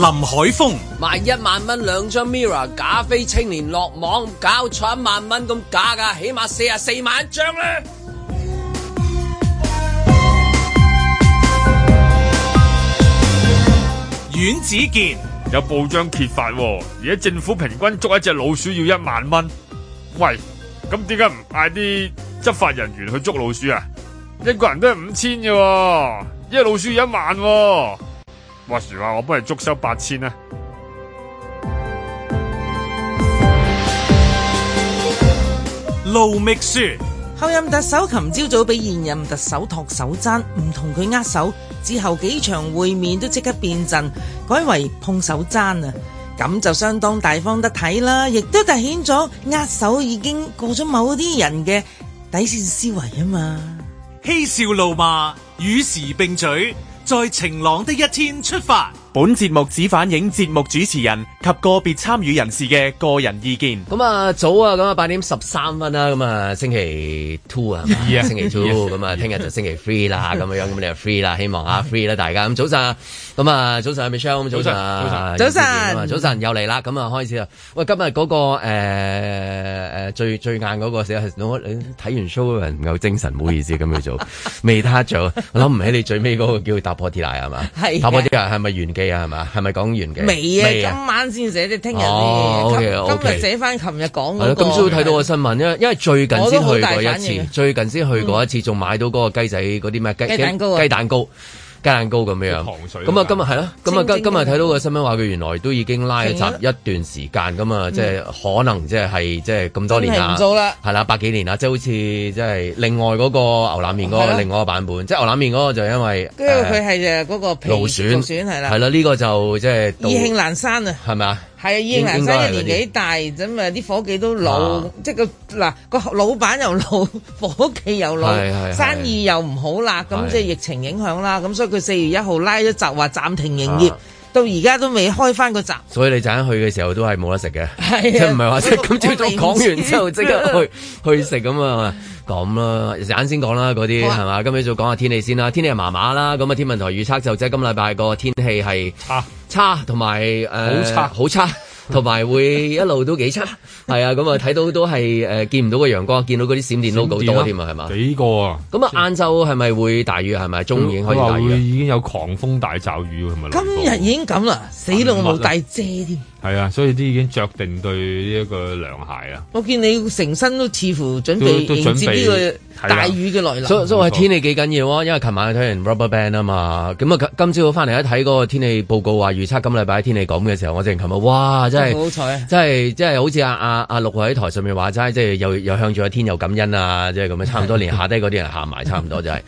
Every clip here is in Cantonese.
林海峰賣一萬蚊兩張 Mirror 假飛青年落網搞錯一萬蚊咁假噶，起碼四十四萬一張咧。阮子健有報章揭發喎，而家政府平均捉一隻老鼠要一萬蚊。喂，咁點解唔派啲執法人員去捉老鼠啊？一個人都係五千咋喎，一隻老鼠要一萬喎。話時話，我幫你捉收八千啊。盧覓雪，後任特首琴朝早俾現任特首托手踭，唔同佢握手之後幾場會面都即刻變陣，改為碰手踭啊！咁就相當大方得體啦，亦都凸顯咗握手已經過咗某啲人嘅底線思維啊嘛！嬉笑怒罵與時並舉。在晴朗的一天出發。本節目只反映節目主持人及個別參與人士嘅個人意見。咁啊早啊，咁啊八點十三分啦，咁啊星期 two 啊，星期 two，咁啊聽日就星期 three 啦，咁樣樣，咁你就 free 啦，希望啊 free 啦，大家咁早晨，咁啊早晨啊 Michelle，咁早晨，早晨，早晨，早晨又嚟啦，咁啊開始啦。喂，今日個誒誒最最晏嗰個，睇完 show 嘅人唔夠精神，唔好意思，咁做未得咗，我諗唔起你最尾嗰個叫突破鐵架係嘛？係突破鐵架係咪完？嘅係嘛，係咪講完嘅？未啊，未啊今晚先寫，你聽日先。哦，O K，今日寫翻、嗰個，琴日講今朝睇到個新聞，因為的因為最近先去過一次，我最近先去過一次，仲、嗯、買到嗰個雞仔啲咩雞雞蛋，、啊、雞蛋糕。雞蛋糕咁樣樣，咁啊今日係啦，咁啊今今日睇到個新聞話佢原來都已經拉閘一段時間噶嘛，即係可能即係係即係咁多年做啦，係啦，百幾年啦，即係好似即係另外嗰個牛腩麵嗰個另外一個版本，即係牛腩麵嗰個就因為因為佢係誒嗰個腐損腐損係啦，係啦，呢個就即係意興闌珊啊，係咪啊？係啊，燕南生嘅年紀大，咁啊啲伙計都老，啊、即係個嗱個老闆又老，夥計又老，係係係生意又唔好啦，咁即係疫情影響啦，咁是是 所以佢四月一號拉咗閘話暫停營業。啊到而家都未開翻個閘，所以你陣間去嘅時候都係冇得食嘅，啊、即係唔係話即係今朝早講完之後即刻去 去食咁啊？咁啦，陣先講啦，嗰啲係嘛，今日就講下天氣先啦，天氣係麻麻啦，咁啊天文台預測就即係今禮拜個天氣係差差，同埋誒好差好差。同埋 會一路都幾差，係 啊，咁啊睇到都係誒、呃、見唔到個陽光，見到嗰啲閃電 logo 多添啊，係嘛吧？幾個啊？咁啊，晏晝係咪會大雨？係咪？中午已經可以大雨嘅。已經有狂風大驟雨，係咪？今日已經咁啦，死路冇帶遮添。係啊，所以啲已經着定對呢一個涼鞋啊。我見你成身都似乎準備迎接呢個大雨嘅來臨。所、啊、所以，所以天氣幾緊要啊，因為琴晚睇完 RubberBand 啊嘛，咁啊今朝早翻嚟一睇嗰個天氣報告話預測今禮拜天氣咁嘅時候，我哋琴日哇真係、好彩啊、真係真係好似阿阿阿六喺台上面話齋，即係又又向住個天又感恩啊，即係咁樣差唔多連下低嗰啲人喊埋差唔多就係、是，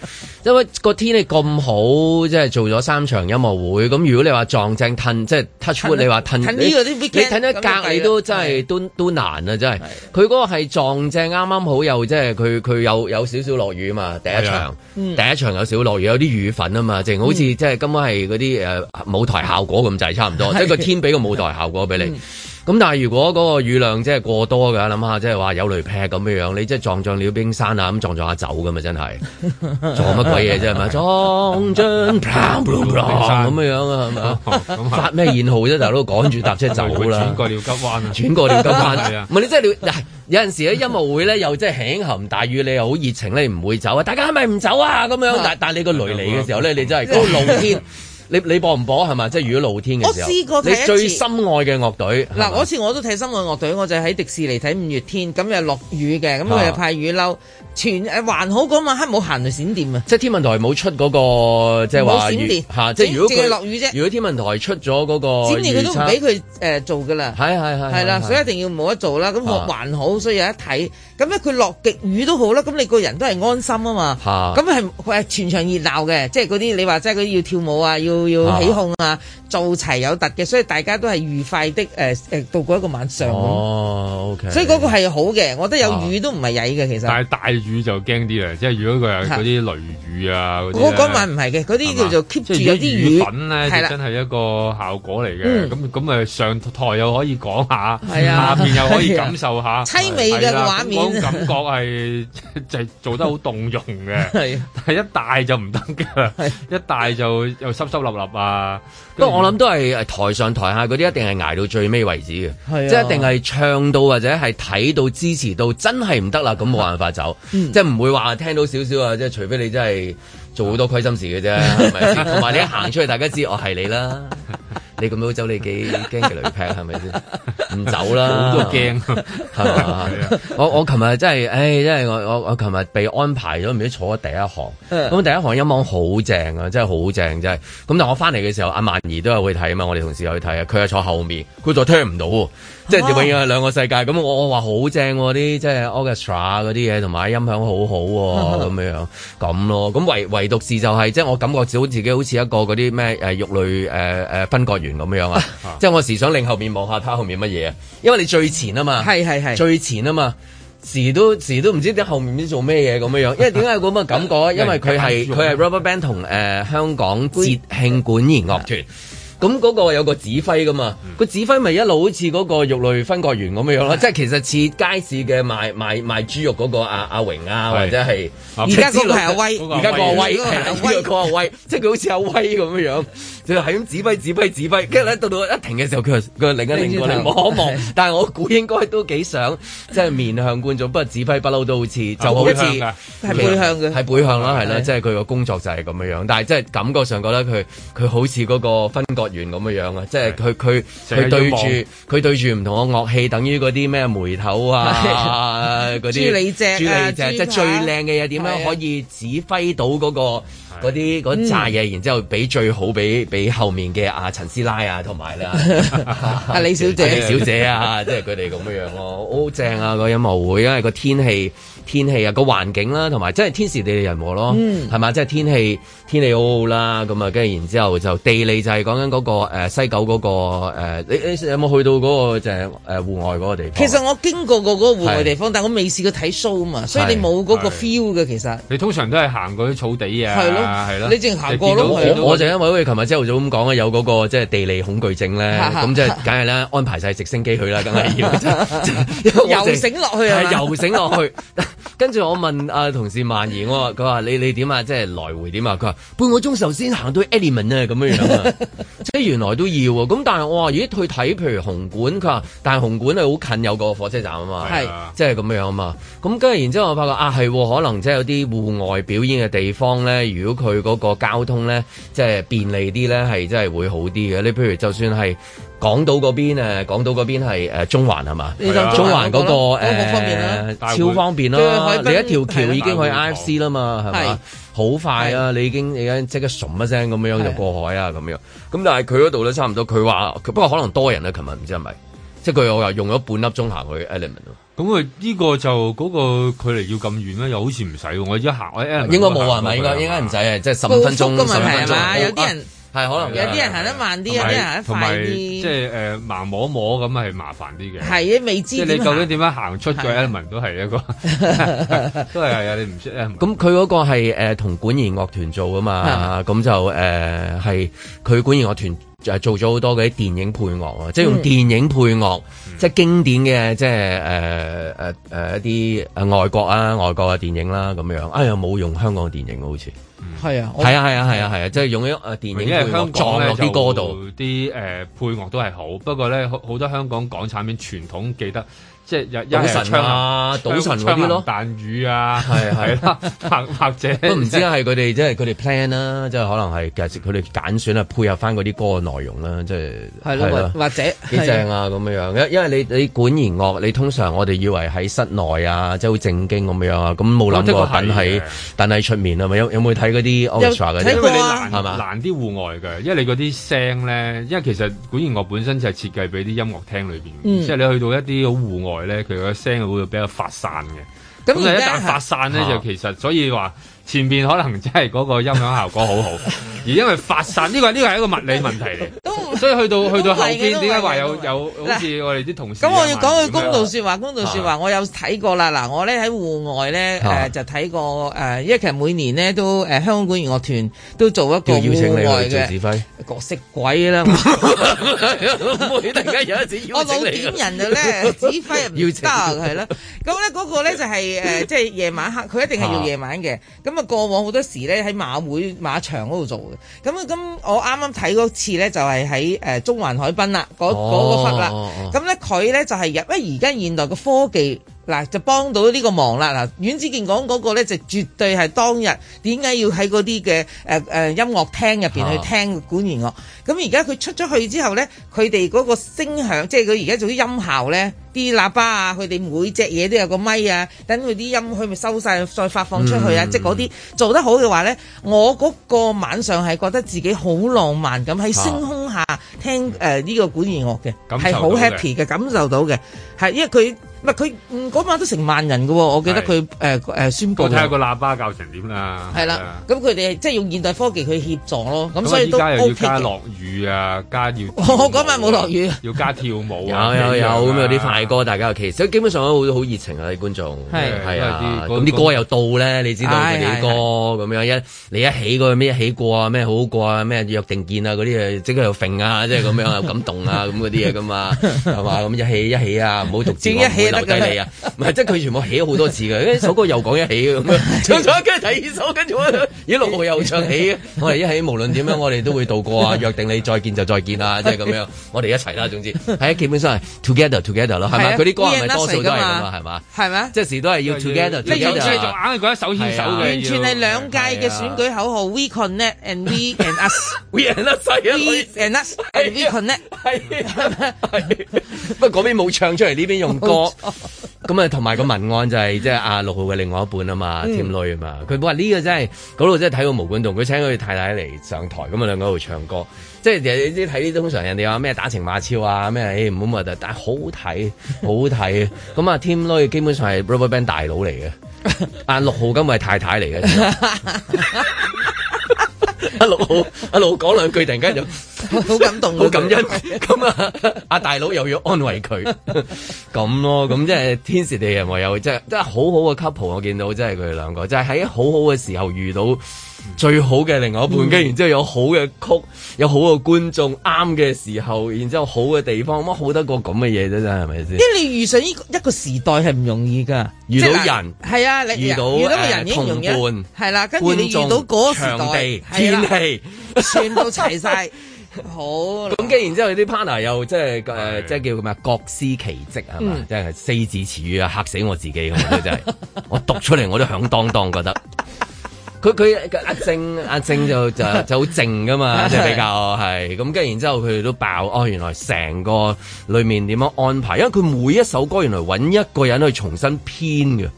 因為個天氣咁好，即係做咗三場音樂會，咁如果你話撞正褪，即係 touchwood 你話褪退你睇得隔籬都真係都都難啊！真係，佢嗰的個係撞正，啱啱好又即係佢佢有有少少落雨嘛，第一場，的嗯、第一場有少少落雨，有啲雨粉啊嘛，正好似、嗯、即係今晚係嗰啲誒舞台效果咁滯，差唔多的即係個天俾個舞台效果俾你。嗯咁但係如果嗰個雨量即係過多嘅，諗下即係話有雷劈咁嘅樣，你即係撞撞鳥冰山啊，咁撞撞下走噶嘛，真係撞乜鬼嘢啫嘛，撞撞咁嘅樣啊，係 嘛？ 發咩豔號啫，大佬趕住搭車走啦，轉過鳥急彎啊，轉過鳥急彎啊，唔係你即係你有陣時咧音樂會咧又即係傾盆大雨，你又好熱情咧唔會走啊，大家係咪唔走啊？咁樣，但、 啊、 但你個雷嚟嘅時候咧，你真係嗰、 嗰個露天。你你播唔播？係咪？即係如果露天嘅時候，我試過第一次。你最深愛嘅樂隊嗱，嗰次我都睇深愛樂隊，我就喺迪士尼睇五月天，咁又落雨嘅，咁佢又派雨褸，全誒還好嗰晚黑冇行到閃電啊！即係天文台冇出嗰個，即係話嚇，即係如果佢落雨啫。如果天文台出咗嗰個閃電，佢都唔俾佢誒做噶啦。係係係，係啦，所以一定要冇得做啦。咁我還好，所以有一睇。咁咧佢落極雨都好啦，咁你個人都係安心啊嘛，咁係誒全場熱鬧嘅，即係嗰啲你話即係嗰啲要跳舞啊，要要起哄啊，做齊有突嘅，所以大家都係愉快的誒誒度過一個晚上哦，OK，所以嗰個係好嘅，我覺得有雨都唔係曳嘅其實。但係大雨就驚啲啦，即係如果佢係嗰啲雷雨啊。我嗰晚唔係嘅，嗰啲叫做 keep 住有啲雨。粉咧真係一個效果嚟嘅，咁咁誒上台又可以講下，下面又可以感受下悽美嘅畫面。 感覺係就做得好動容嘅， 是啊、但係一戴就唔得㗎， 是啊、一戴就又濕濕立立啊。不過我諗都係台上台下嗰啲，一定係挨到最尾為止嘅，是啊、即係一定係唱到或者係睇到支持到真係唔得啦，咁冇辦法走，是啊、即係唔會話聽到少少啊，即係除非你真係做好多虧心事嘅啫，同埋 你一行出去，大家知我係你啦。 你咁樣走，你幾驚嘅雷劈係咪先？唔走啦，好驚！我我琴日真係，唉、哎，真係我我我琴日被安排咗，唔知坐咗第一行。咁 第一行音樂好正啊，真係好正真係。咁但我翻嚟嘅時候，阿曼兒都有會睇啊嘛，我哋同事又去睇啊。佢係坐後面，佢就聽唔到，即係永遠係兩個世界。咁我我話好正喎，啲即係 orchestra 嗰啲嘢，同埋音響好好、啊、喎，咁 樣咁咯。咁唯唯獨、就是就係，即係我感覺到自己好似一個嗰啲咩誒肉類誒誒分割員。咁嘅樣啊， 即係我時想令後面望下他後面乜嘢啊，因為你最前啊嘛，係係係最前啊嘛，時都時都唔知你後面啲做咩嘢咁嘅樣，因為點解有咁嘅感覺啊？因為佢係佢係 Rubberband 同誒、呃、香港節慶管弦樂團、啊。 樂咁嗰個有個指揮噶嘛，個指揮咪一路好似嗰個肉類分割員咁樣咯，即係其實似街市嘅賣賣賣豬肉嗰個阿阿榮啊，或者係而家嗰個係阿威，而家個阿威威個威，即係佢好似阿威咁樣樣，就係咁指揮指揮指揮，跟住到到一停嘅時候，佢佢擰一擰過嚟望一望，但係我估應該都幾想即係面向觀眾，不過指揮不嬲都好似就好似係背向嘅，係背向啦，係啦，即係佢個工作就係咁樣樣，但係即係感覺上覺得佢佢好似嗰個分割員咁嘅樣啊，即係佢佢佢對住佢對住唔同嘅樂器，等於嗰啲咩眉頭啊嗰啲，朱、 啊、 麗姐石朱麗姐即係最靚嘅嘢點樣可以指揮到嗰、嗰個？嗰啲嗰扎嘢，然之後俾最好俾俾後面嘅阿陳師奶啊，同埋啦，阿李小姐小姐啊，即係佢哋咁嘅樣咯，好正啊個音樂會，因為個天氣天氣啊個環境啦，同埋即係天時地利人和咯，係嘛？即係天氣天氣好好啦，咁啊，跟住然之後就地利，就係講緊嗰個誒西九嗰個誒，你有冇去到嗰個就係誒戶外嗰個地方？其實我經過過嗰個戶外地方，但我未試過睇 show 嘛，所以你冇嗰個 feel 嘅其實。你通常都係行嗰啲草地啊。係咯！你之前行過咯，我就因為佢琴日朝頭早咁講咧，有嗰個即係地理恐懼症咧，咁即係，梗係啦，安排晒直升機去啦，梗係要、就是是是是是就是、又醒落去啊！係又醒落去，跟住我問阿同事萬儀，我話佢話你你點啊、就是啊，e、啊，啊？即係來回點啊？佢話半個鐘頭先行到 Element 啊，咁樣樣啊，即係原來都要啊。咁但係我話咦，去睇譬如紅館，佢話但係紅館好近，有個火車站啊嘛，即係咁樣樣啊嘛。咁跟住然之後我發覺啊，係可能即係有啲戶外表演嘅地方咧，如佢嗰個交通咧，即係便利啲咧，係真係會好啲嘅。你譬如就算係港島嗰邊、啊、港島嗰邊係中環係嘛？中環嗰、啊嗰個誒好方便啦，超方便啦、啊，你會一條橋已經去 IFC 啦嘛，係咪？好、啊啊、快啊！啊你已經而家即刻噏一聲咁樣就過海啊咁樣。咁、啊、但係佢嗰度咧差唔多，佢話不過可能多人啊，琴日唔知係咪？即係佢，我又用咗半粒鐘行去 Element 咯。咁佢呢個就嗰個距離要咁遠咧，又好似唔使喎。我而家行喺 Element，應該冇係嘛？應該應該唔使，即係十五分鐘。高峯嘅問題係嘛？有啲人係可能有啲人行得慢啲，有啲人行得快啲。即係誒，慢摸摸盲摸摸咁係麻煩啲嘅。係啊，未知。即你究竟點樣行出個 Element 都係一個，都係啊！你唔識 Element。咁佢嗰個係同管弦樂團做㗎嘛，咁就誒係佢管弦樂團。就係做咗好多嗰啲電影配樂啊，即係用電影配樂，嗯、即係經典嘅，即係誒誒誒一啲誒外國啊外國嘅電影啦咁樣，哎呀冇用香港電影好似，係啊係啊係啊係啊，啊啊啊啊啊即係用咗誒電影配樂、嗯、撞落啲歌度，啲誒、呃、配樂都係好，不過咧好多香港港產片傳統記得。即係有神啊，賭神嗰啲咯，彈雨啊，係係啦，或或者都唔知係佢哋即係佢哋 plan 啦，即係可能係其實佢哋揀選啊配合翻嗰啲歌嘅內容啦，即係係咯，或者幾正啊咁樣樣，因因為你你管弦樂，你通常我哋以為喺室內啊，即係好正經咁樣啊，咁冇諗過等喺等喺出面啊咪有有冇睇嗰啲 orchestra 嘅？因為你難係咪？難啲戶外嘅，因為你嗰啲聲咧，因為其實管弦樂本身就係設計俾啲音樂廳裏邊，即係你去到一啲好戶外。咧，佢個聲會比較發散嘅，咁就一旦發散咧，就其實、啊、所以話前邊可能真係嗰個音響效果好好， 而因為發散呢、呢個呢、呢個係一個物理問題嚟。 所以去到去到後邊，點解話有有好似我哋啲同事咁？我要講句公道説話，公道説話，我有睇過啦。嗱，我咧喺戶外咧誒，就睇過誒，因為其實每年咧都誒香港管弦樂團都做一個戶外嘅角色鬼啦。突然間有一我老點人就咧，指揮啊，邀請係咯。咁咧嗰個咧就係誒，即係夜晚黑，佢一定係要夜晚嘅。咁啊，過往好多時咧喺馬會馬場嗰度做嘅。咁咁，我啱啱睇嗰次咧就係喺。誒，中環海濱啦，嗰嗰、嗰個窟啦，咁咧佢咧就係、是、入，誒，而家現代嘅科技。嗱，就幫到呢個忙啦。嗱，阮子健講嗰個咧，就絕對係當日點解要喺嗰啲嘅誒誒音樂廳入邊去聽管弦樂。咁而家佢出咗去之後咧，佢哋嗰個聲響，即係佢而家做啲音效咧，啲喇叭啊，佢哋每隻嘢都有個咪啊，等佢啲音去咪收晒再發放出去啊。嗯、即係嗰啲做得好嘅話咧，我嗰個晚上係覺得自己好浪漫咁喺星空下聽誒呢、啊啊這個管弦樂嘅，係好 happy 嘅，感受到嘅係因為佢。佢，嗰晚都成萬人嘅喎，我記得佢誒誒宣佈。我睇下個喇叭教成點啦。係啦，咁佢哋即係用現代科技去協助咯。咁所以都。所以要落雨啊，加要。我嗰晚冇落雨。要加跳舞啊。有有有咁有啲快歌，大家其實，基本上都好熱情啊啲觀眾。係。係啊。咁啲歌又到咧，你知道佢哋啲歌咁樣一你一起過咩一起過啊咩好過啊咩約定見啊嗰啲誒，即刻又揈啊，即係咁樣啊感動啊咁嗰啲嘢噶嘛，係嘛咁一起一起啊，唔好獨自。留低你啊，唔係即係佢全部起咗好多次嘅，一首歌又講一起咁樣唱咗，跟住第二首跟住我，一老婆又唱起，我哋一起，無論點樣，我哋都會度過啊！約定你再見就再見啊！即係咁樣，我哋一齊啦。總之係基本上係 together together 咯，係咪？嗰啲歌係咪多數都係咁啊？係嘛？係咪？即時都係要 together，即係完全係硬係講一首牽完全係兩屆嘅選舉口號：we connect and we and us，we and us，we connect。係係，不過嗰邊冇唱出嚟，呢邊用歌。咁啊，同埋 個文案就係、是、即係阿六號嘅另外一半啊嘛，添 Lui 嘛，佢話呢個真係嗰度真係睇過毛管棟，佢請佢太太嚟上台，咁啊兩個喺度唱歌，即係你睇啲通常人哋話咩打情罵俏啊咩，誒唔好啊，欸、好但係好睇好睇，咁啊添 Lui 基本上係 RubberBand 大佬嚟嘅，阿六、 啊、號，咁係太太嚟嘅。 阿老阿老講兩句，突然間就 好感動，好感恩咁啊！阿、啊啊啊、大佬又要安慰佢，咁 咯，咁即係天時地人有，即係即係好好嘅 couple，我見到即係佢哋兩個， 就喺好好嘅時候遇到。最好嘅另外一半，跟住然之後有好嘅曲，有好嘅觀眾，啱嘅時候，然之後好嘅地方，乜好得過咁嘅嘢啫？真係咪先？即係你遇上呢一個時代係唔容易噶，遇到人係啊，遇到遇到人已經唔容易，係啦，跟住你遇到嗰個天氣，全都齊晒好。咁跟住然之後啲 partner 又即係即係叫咩啊？各司其職係嘛，即係四字詞語啊，嚇死我自己，真係，我讀出嚟我都響噹噹，覺得。佢佢阿正 阿正就就就好靜噶嘛， 就比較係咁。跟住然之後佢哋都爆哦，原來成個裏面點樣安排？因為佢每一首歌原來揾一個人去重新編嘅。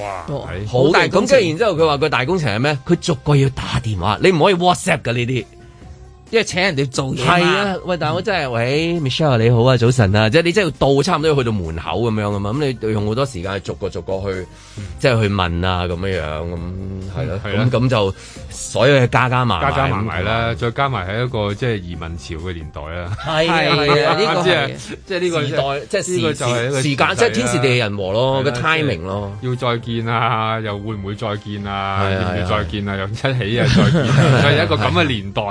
哇，大好大咁。跟住然之後佢話個大工程係咩？佢逐個要打電話，你唔可以 WhatsApp 嘅呢啲。因為請人哋做嘢啊，係啊，喂，大佬，真係，喂，Michelle 你好啊，早晨啊，即係你真係要到，差唔多要去到門口咁樣啊嘛，咁你用好多時間逐個逐個去，即係去問啊，咁樣樣咁，係咯，咁咁就所有嘢，加加埋埋，加加埋埋啦，再加埋係一個即係移民潮嘅年代啦，係啊，呢個即係呢個年代，即係時時間，即係天時地利人和咯，個 timing 咯，要再見啊，又會唔會再見啊，要再見啊，又一起啊，再見，係一個咁嘅年代。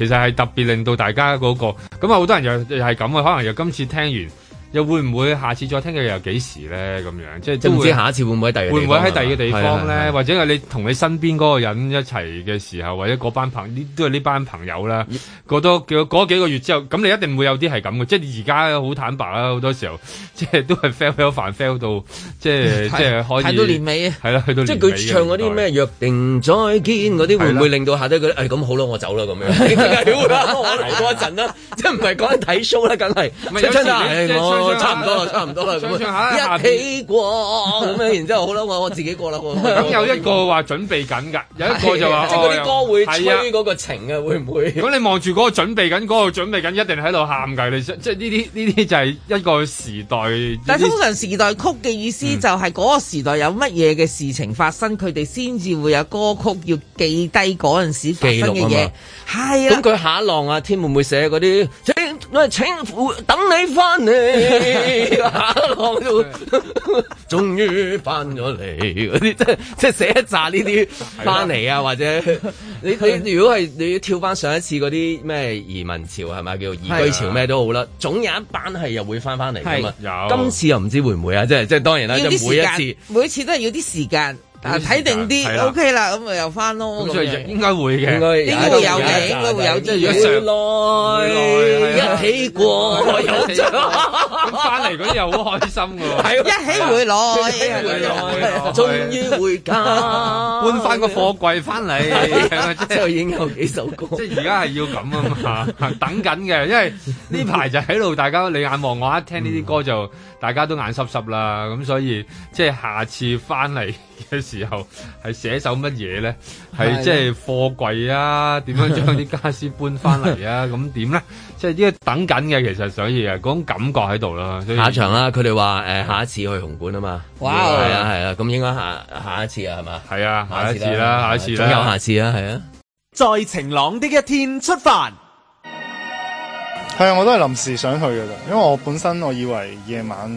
其實係特別令到大家嗰個咁啊，好多人又又係咁啊，可能又今次聽完。又會唔會下次再聽日又幾時咧？咁樣即係都唔知下一次會唔會喺第二會唔會喺第二個地方咧？或者係你同你身邊嗰個人一齊嘅時候，或者嗰班朋呢都係呢班朋友啦。過多叫嗰幾個月之後，咁你一定會有啲係咁嘅。即係而家好坦白啦，好多時候即係都係 fail fail 煩 fail 到即係即係可以。睇到年尾啊，係啦，去到即係佢唱嗰啲咩約定再見嗰啲，會唔會令到下低覺得係咁好啦，我走啦咁樣？點解會啦？我嚟嗰陣啦，即係唔係講緊睇 show 啦，梗係差唔多啦，差唔多啦，一起過咁樣，然之後好啦，我我自己過啦。咁有一個話準備緊㗎，有一個就話即係嗰啲歌會催嗰個情啊，會唔會？咁你望住嗰個準備緊，嗰個準備緊一定喺度喊㗎，你即係呢啲呢啲就係一個時代。但通常時代曲嘅意思就係嗰個時代有乜嘢嘅事情發生，佢哋先至會有歌曲要記低嗰陣時發生嘅嘢。係啦。咁佢下一浪啊，天會唔會寫嗰啲？我請父等你翻嚟，終於翻咗嚟嗰啲， 即即寫一紮呢啲翻嚟啊，或者你你如果係你要跳翻上一次嗰啲咩移民潮係咪叫做移居潮咩都好啦，總有一班係又會翻翻嚟噶嘛。是有今次又唔知會唔會啊？即即當然啦，每一次，每一次都係要啲時間。啊，睇定啲，OK 啦，咁咪又翻咯，應該會嘅，應該會有嘅，應該會有啲回來，一起過，有咗翻嚟嗰啲又好開心㗎喎，一起回來，終於回家，搬翻個貨櫃翻嚟，即係已經有幾首歌，即係而家係要咁啊嘛，等緊嘅，因為呢排就喺度大家你眼望我一聽呢啲歌就大家都眼濕濕啦，咁所以即係下次翻嚟。嘅時候係寫首乜嘢咧？係的即係貨櫃啊，點樣將啲家私搬翻嚟啊？咁點咧？即係呢個等緊嘅其實所，所以啊，嗰種感覺喺度啦。下場啦，佢哋話誒下一次去紅館啊嘛。哇！係啊係啊，咁、啊啊啊、應該下下一次啊，係嘛？係啊，下一次啦，下一次，啦，有下次啦，係啊。在晴朗一的一天出發。係啊， 我都係臨時想去噶咋，因為我本身我以為夜晚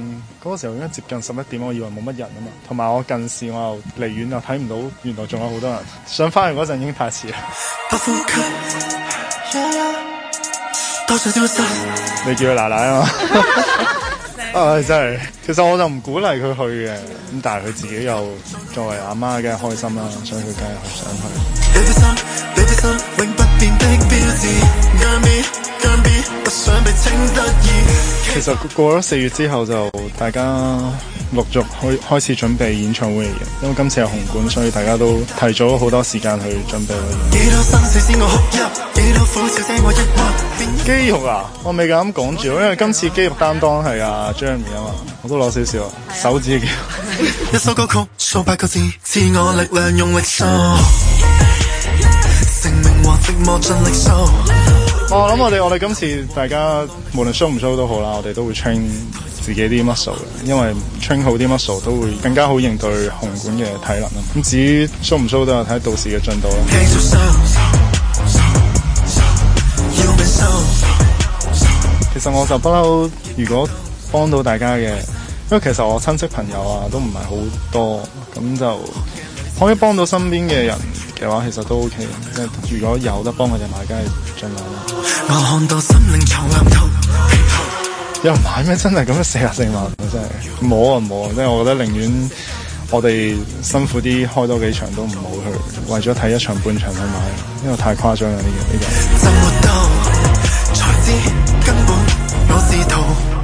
嗰個時候應該接近十一點，我以為冇乜人啊嘛，同埋我近視我又離遠又睇唔到，原來仲有好多人，想翻去嗰陣已經太遲啦。你叫佢奶奶啊嘛，唉真係，其實我就唔鼓勵佢去嘅，咁但係佢自己又作為阿媽梗係開心啦，啊，所以佢梗係想去。其實過咗四月之後就大家陸續開開始準備演唱會嘅嘢，因為今次係紅館，所以大家都提早好多時間去準備。幾多生死先我哭。幾多苦笑聲我抑鬱。肌肉啊，我未敢講住，因為今次肌肉擔當係阿 Jammy 啊嘛，我都攞少少手指嘅肌肉。一首歌曲，數八個字，賜我力量，用力數。我諗我哋我哋今次大家無論 show 唔 show 都好啦，我哋都會 train 自己啲 muscle 嘅，因為 train 好啲 muscle 都會更加好應對紅館嘅體能啦。咁至於 show 唔 show 都有睇到時嘅進度啦。其實我就不嬲，如果幫到大家嘅，因為其實我親戚朋友啊都唔係好多，咁就。可以幫到身邊嘅人嘅話，其實都 OK 嘅。即係如果有得幫佢哋買，梗係盡量啦。有人買咩？真係咁樣四十四萬，真係冇啊冇啊！即係我覺得寧願我哋辛苦啲開多幾場都唔好去，為咗睇一場半場去買，因為太誇張啦呢啲呢啲。這個這個生活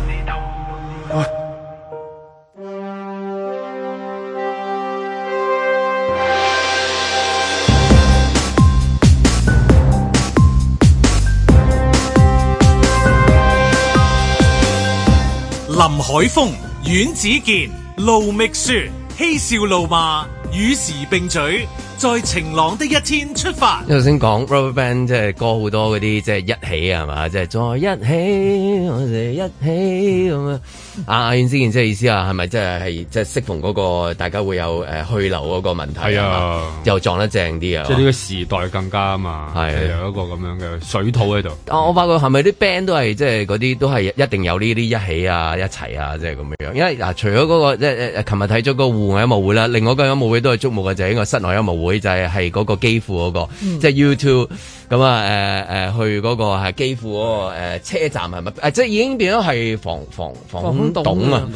海風、阮子健、盧覓雪、嬉笑怒罵，與時並舉，在晴朗的一天出發。頭先講 RubberBand 即係歌好多嗰啲即係一起係嘛，即係再一起，我哋一起咁啊！嗯阿阿燕之見即係意思啊，係咪即係係即係適逢嗰個大家會有誒、呃、去留嗰個問題啊？係啊、哎呀，又撞得正啲啊！即係呢個時代更加啊嘛，係的有一個咁樣嘅水土喺度、啊。我發覺係咪啲 band 都係即係嗰啲都係一定有呢啲一起啊一齊啊，即係咁樣樣。因為嗱、啊，除咗嗰、那個即係琴日睇咗嗰戶外音樂會啦，另外一個音樂會都係矚目嘅就係呢個室內音樂會就、那個，就係係嗰個幾乎嗰個即係 YouTube。咁、嗯呃那個那個呃、啊，誒誒去嗰個係機庫嗰個誒車站係咪？誒即係已經變咗係防防防空洞啊！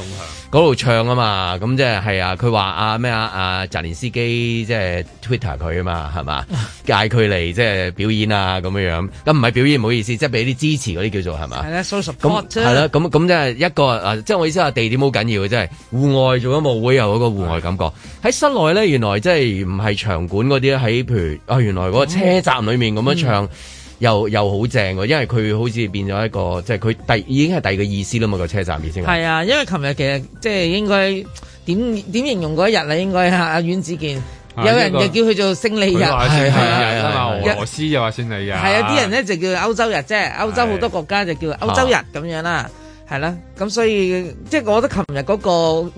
嗰度唱啊嘛，咁即係係啊。佢話啊咩啊阿澤連斯基，即、啊、係 Twitter 佢啊嘛，係嘛，嗌佢嚟即係表演啊咁樣樣。咁唔係表演，唔好意思，即係俾啲支持嗰啲叫做係嘛，係咧收拾。係啦，咁咁即係一個啊，即係我意思話地點好緊要，嘅、嗯，即係戶外做咗音樂會有一個戶外感覺喺室內咧。原來即係唔係場館嗰啲喺，譬如啊，原來嗰個車站裏面咁樣唱。又又好正㗎、哦，因為佢好似變咗一個，即係佢第已經係第二個意思啦嘛，個車站意思。係啊，因為琴日其實即係應該點點形容嗰一日啊？應該啊，阿阮子健，有人就叫佢做勝利日，係啊，俄羅斯又話勝利日，係有啲人咧就叫歐洲日，即係歐洲好多國家就叫歐洲日咁樣啦、係啊、啊，係啦。咁所以即係我覺得琴日個誒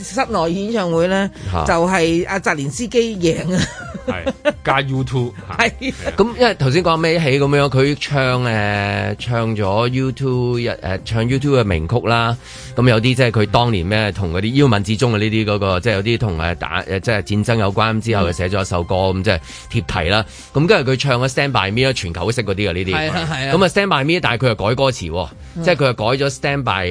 室內演唱會咧，就係阿澤連斯基贏啊！係加 U2 係咁，因為頭先講咩起咁樣佢唱誒唱咗 U2 誒唱 U2 嘅名曲啦。咁有啲即係佢當年咩同啲遙遠之中嘅呢啲個即係有啲同誒打誒即係戰爭有關之後，寫咗一首歌咁，即係貼題啦。咁跟住佢唱咗《Stand By Me》啊，全球式啲嘅呢啲係啊咁啊《Stand By Me》，但係佢又改歌詞，即係佢又改咗《Stand By》。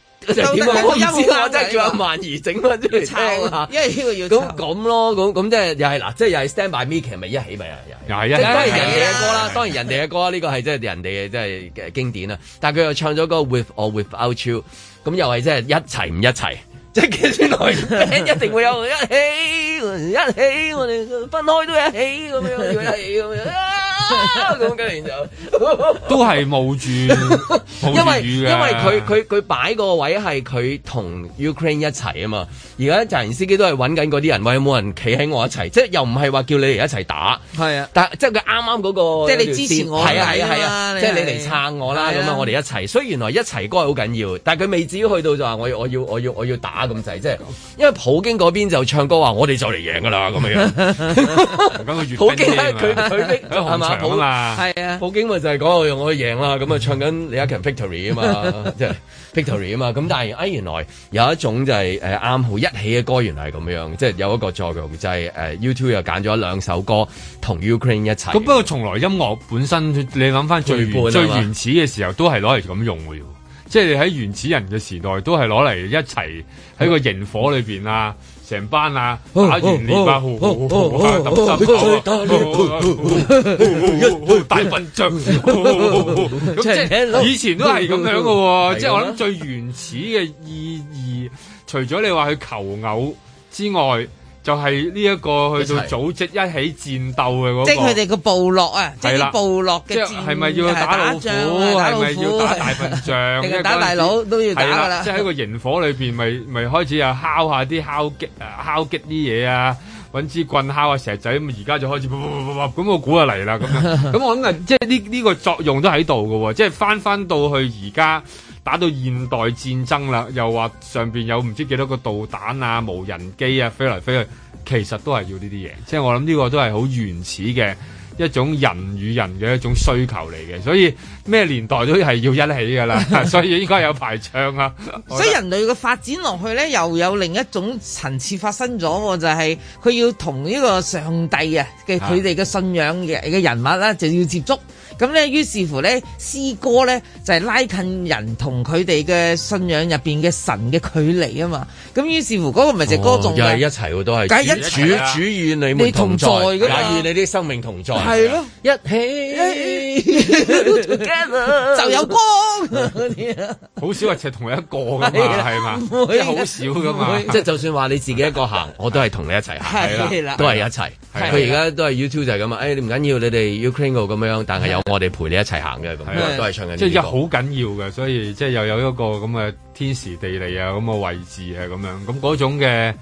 點解我知我真係叫萬怡整翻出嚟聽啊？因為呢個要咁咁咯，咁咁即係又係嗱，即係又係 stand by me 其實咪一起咪又係一係，當然人哋嘅歌啦，當然人哋嘅歌呢個係即係人哋嘅即係嘅經典啦。但係佢又唱咗個 with or without you，咁又係即係一齊唔一齊，即係幾耐一定會有一起，一起我哋分開都一起咁樣要一起咁樣咁跟住就 都係冇住，因為因為佢佢佢擺個位係佢同 Ukraine 一齊啊嘛。而家澤連斯基都係揾緊嗰啲人，話有冇人企喺我一齊， 即係又唔係話叫你哋一齊打，係啊。但即係佢啱啱嗰個， 即係你支持我，係啊係啊，即係你嚟是撐我啦，咁你是 是啊我哋一齊。雖然原來一齊歌係好緊要，但係佢未至於去到就話我,我,我要我要我要我要打咁滯，即係因為普京嗰邊就唱歌話我哋就嚟贏噶啦咁樣樣。 普京佢、啊、佢 好嘛，係普啊，普京咪就係講我用我去贏啦，咁啊唱緊李克勤 Victory 啊嘛，即係 Victory 啊嘛，咁但係哎原來有一種就係誒啱好一起嘅歌，原來係咁樣，即係有一個作用，就係、是、誒、呃、YouTube 又揀咗兩首歌同 Ukraine 一齊。咁不過從來音樂本身，你諗翻最原最，最原始嘅時候，都係攞嚟咁用嘅喎，即係你喺原始人嘅時代，都係攞嚟一齊喺個營火裏邊啊。嗯嗯成班啊，打完年八號啊，十三號，一大笨象咁，即係以前都係咁樣噶，即係我諗最原始嘅意義，除咗你話去求偶之外。就係呢一個去到組織一起戰鬥嘅嗰個，即係佢哋個部落啊，對啦 即係啲部落嘅戰，係咪要打老虎？係咪、啊、要打大笨象，啊？即係 打大佬都要打噶 啦。即係喺個營火裏邊，咪咪開始又敲下啲敲擊啊，敲擊啲嘢啊，揾支棍敲下石仔。咁而家就開始嘩嘩嘩嘩咁，我估就嚟啦咁樣。咁 我諗啊，即係呢呢個作用都喺度噶。即係返返到去而家。打到現代戰爭啦，又話上邊有唔知幾多個導彈啊、無人機啊飛嚟飛去，其實都係要呢啲嘢。即係我諗呢個都係好原始嘅一種人與人嘅一種需求嚟嘅，所以咩年代都係要一起㗎啦。 所以應該有排唱啊。 所以人類嘅發展落去呢，又有另一種層次發生咗，就係、是、佢要同呢個上帝啊嘅佢哋嘅信仰嘅人物呢，啊、就要接觸。咁咧，於是乎咧，詩歌咧就係拉近人同佢哋嘅信仰入邊嘅神嘅距離啊嘛。咁於是乎嗰個唔係隻歌，仲係一齊喎，都係。假一主主與你們同在，假與你啲生命同在。係咯，一起 together 就有光嗰啲好少話隻係同一個噶嘛，係嘛？即係好少噶嘛。即係就算話你自己一個行，我都係同你一齊行，係啦，都係一齊。佢而家都係 YouTube 就係咁嘛。誒，你唔緊要，你哋 Ukraine 個咁樣，但係有。我哋陪你一齊行嘅咁，的都係唱緊。即係一好緊要嘅，所以即係又有一個咁嘅天時地利啊，咁嘅位置啊，咁樣咁嗰種嘅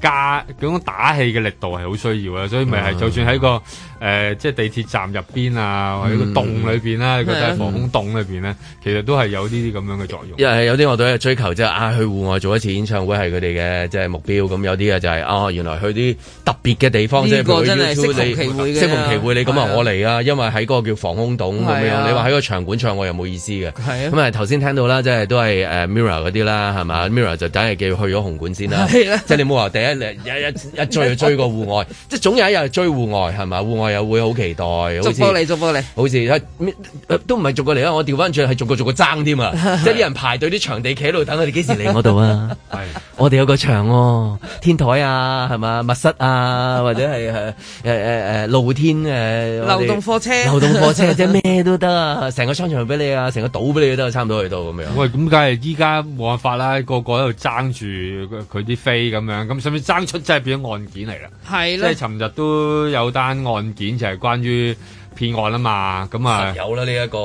加嗰種打氣嘅力度係好需要啊。所以咪係、嗯、就算喺個。嗯嗯誒，即係地鐵站入邊啊，或者個洞裏邊啦，或者防空洞裏邊咧，其實都係有呢啲咁樣嘅作用。因為有啲我對佢追求即係啊，去戶外做一次演唱會係佢哋嘅即係目標。咁有啲嘅就係哦，原來去啲特別嘅地方即係個 YouTube、你適逢其會，你咁啊我嚟啊，因為喺嗰個叫防空洞咁樣。你話喺個場館唱我又冇意思嘅。咁啊頭先聽到啦，即係都係誒 Mirror 嗰啲啦，係嘛？Mirror 就等係叫去咗紅館先啦。即係你冇話第一日一追就追個戶外，即係總有一日追戶外係咪？戶外。又會好期待，祝福你，祝福你，好似都唔係逐個嚟啦。我調翻轉係逐個逐個爭添啊！即係啲人排隊，啲場地企喺度等佢哋幾時嚟我度啊？係我哋有個場喎，天台啊，係嘛，密室啊，或者係誒誒露天誒流動貨車，流動貨車，即係咩都得啊！成個商場俾你啊，成個島俾你都差唔多去到咁樣。喂，咁梗係依家冇辦法啦，個個喺度爭住佢啲飛咁樣，咁使唔使爭出真係變咗案件嚟啦？係啦，即係尋日都有單案件。件就係關於騙案啊嘛，咁啊有啦呢一個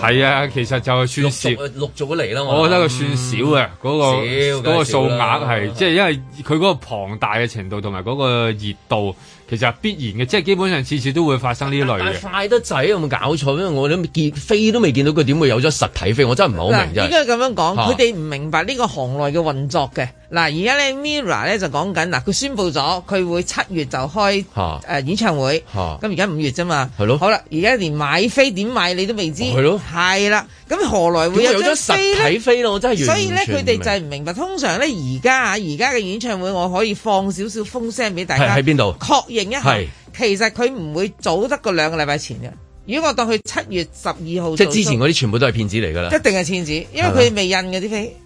係啊，其實就係算少，陸續陸續嚟啦我覺得佢算少嘅嗰、嗯嗰個嗰少個數額係，了即係因為佢嗰個龐大嘅程度同埋嗰個熱度，其實係必然嘅，即係基本上次次都會發生呢類嘅。但但快得滯，有冇搞錯咧？因為我都見飛都未見到佢，點會有咗實體飛？我真係唔係好明真係。應該咁樣講，佢哋唔明白呢、啊、個行內嘅運作嘅。嗱，而家咧 Mira 咧就講緊，嗱佢宣布咗佢會七月就開誒演唱會，咁、啊啊、而家五月啫嘛，的好啦，而家連買飛點買你都未知，係咯的，係啦，咁何來會有咗飛咧？飛咯，我真係完全，所以咧佢哋就係唔明白。通常咧而家嚇而家嘅演唱會，我可以放少少風聲俾大家，喺邊度確認一下，的其實佢唔會早得過兩個禮拜前嘅。如果我當佢七月十二號，即係之前嗰啲全部都係騙子嚟㗎啦，一定係騙子，因為佢未印嗰啲飛，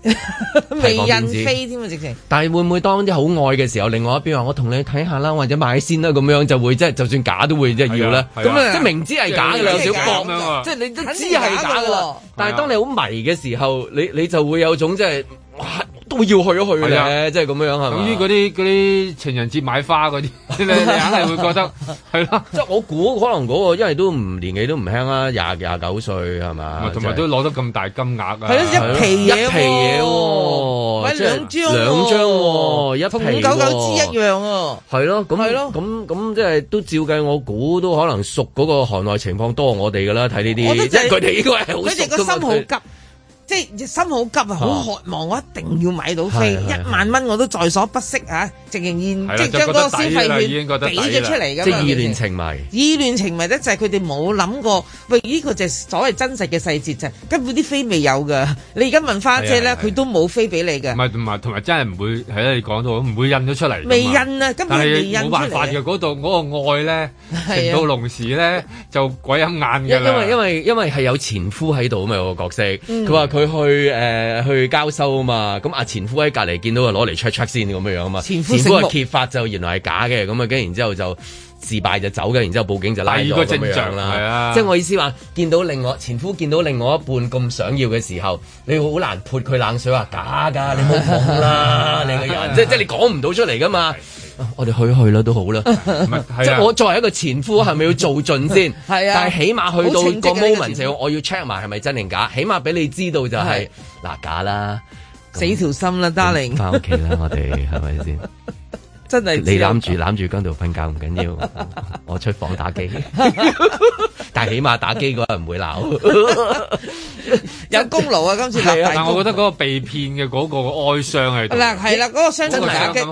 未印飛添啊！直情 但係會唔會當啲好愛嘅時候，另外一邊話我同你睇下啦，或者買先啦，啊，咁樣就會即係就算假都會即係要啦，咁即係明知係假嘅，假有少搏，即係你都知係假㗎，但係當你好迷嘅時候，你你就會有種即係。都要去一去嘅，即係咁樣樣，等於嗰啲嗰啲情人節買花嗰啲，你你硬係會覺得係咯。即係我估可能嗰個，因為都唔年紀都唔輕啦，廿廿九歲係嘛，同埋都攞得咁大金額啊，係一皮嘢，皮嘢，即係兩張，兩張，一皮同九九支一樣啊，係咯，係咯，咁咁即係都照計，我估都可能熟嗰個行內情況多我哋噶啦，睇呢啲，即係佢哋應該係佢哋個心好急。即係心好急啊，好渴望，我一定要買到飛，一萬蚊我都在所不惜啊！直情然，即係將嗰個消費券俾咗出嚟咁啊！即係意亂情迷，意亂情迷咧就係佢哋冇諗過喂，呢個就係所謂真實嘅細節就根本啲飛未有噶。你而家問花姐咧，佢都冇飛俾你嘅。唔係唔係，同埋真係唔會喺你講到唔會印咗出嚟。未印啊，根本未印出嚟。但係冇辦法嘅，嗰度嗰個愛咧，情到濃時咧就鬼陰眼㗎啦。因為因為因為係有前夫喺度啊嘛，我個角色佢話。佢去誒、呃、去交收啊嘛，咁阿前夫喺隔離見到佢攞嚟 check check 先咁樣樣啊嘛，前夫揭發就原來係假嘅，咁啊跟然之後就自敗就走嘅，然之後報警就拉咗咁樣樣啦。係啊，即係我意思話，見到另外前夫見到另外一半咁想要嘅時候，你好難潑佢冷水話假㗎，你冇講啦， 你個人， 即 即係你講唔到出嚟㗎嘛。 啊、我哋去去啦，都好啦。即係我作為一個前夫，係咪 要做盡先？係 啊。但係起碼去到個 moment 就要我要 check 埋係咪真定假，起碼俾你知道就係、是、嗱的、啊、假啦。死條心啦，Darling。翻屋企啦， 我哋係咪先？真係你攬住攬住嗰度瞓覺唔緊要，我出房打機，但起碼打機嗰日唔會鬧，有功勞啊今次。但係我覺得嗰個被騙嘅嗰個哀傷係嗱係啦，嗰個傷心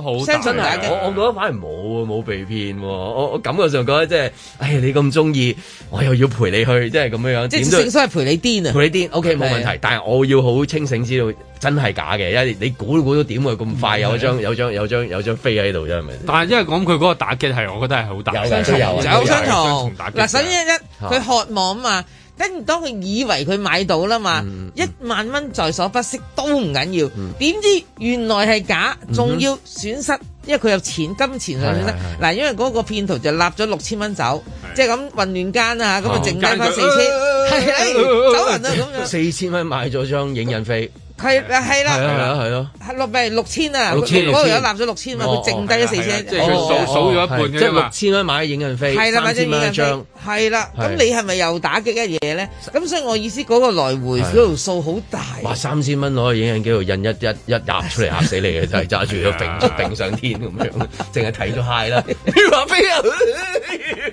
好，傷心我我覺得反而冇喎，冇被騙。我我感覺上覺得即係，哎你咁中意，我又要陪你去，即係咁樣樣。即係點都係陪你癲啊，陪你癲。O K 冇問題，但係我要好清醒知道。真係假嘅，因為你估都估到點會咁快有一張有張有張有張飛喺度，真係咪？但係因為咁佢嗰個打擊係，我覺得係好大。有雙重，有雙重打。嗱，首先一，佢渴望啊嘛，跟住當佢以為佢買到啦嘛，一萬蚊在所不惜都唔緊要。點知原來係假，仲要損失，因為佢有錢金錢上損失。嗱，因為嗰個騙徒就立咗六千蚊走，即係咁混亂間啊，咁啊剩低翻四千，走人啦。四千蚊買咗張影印飛。係啦，係啦，係咯，係六咪六千啊！我度有攬咗六千嘛，佢剩低咗四千，即係佢數咗一半即係六千蚊買影印飛，三千蚊張，係啦。咁你係咪又打擊一嘢咧？咁所以我意思嗰個來回嗰條數好大。哇！三千蚊攞去影印機度印一一一沓出嚟嚇死你嘅，真係揸住都掟上天咁樣，淨係睇咗嗨啦。你話邊？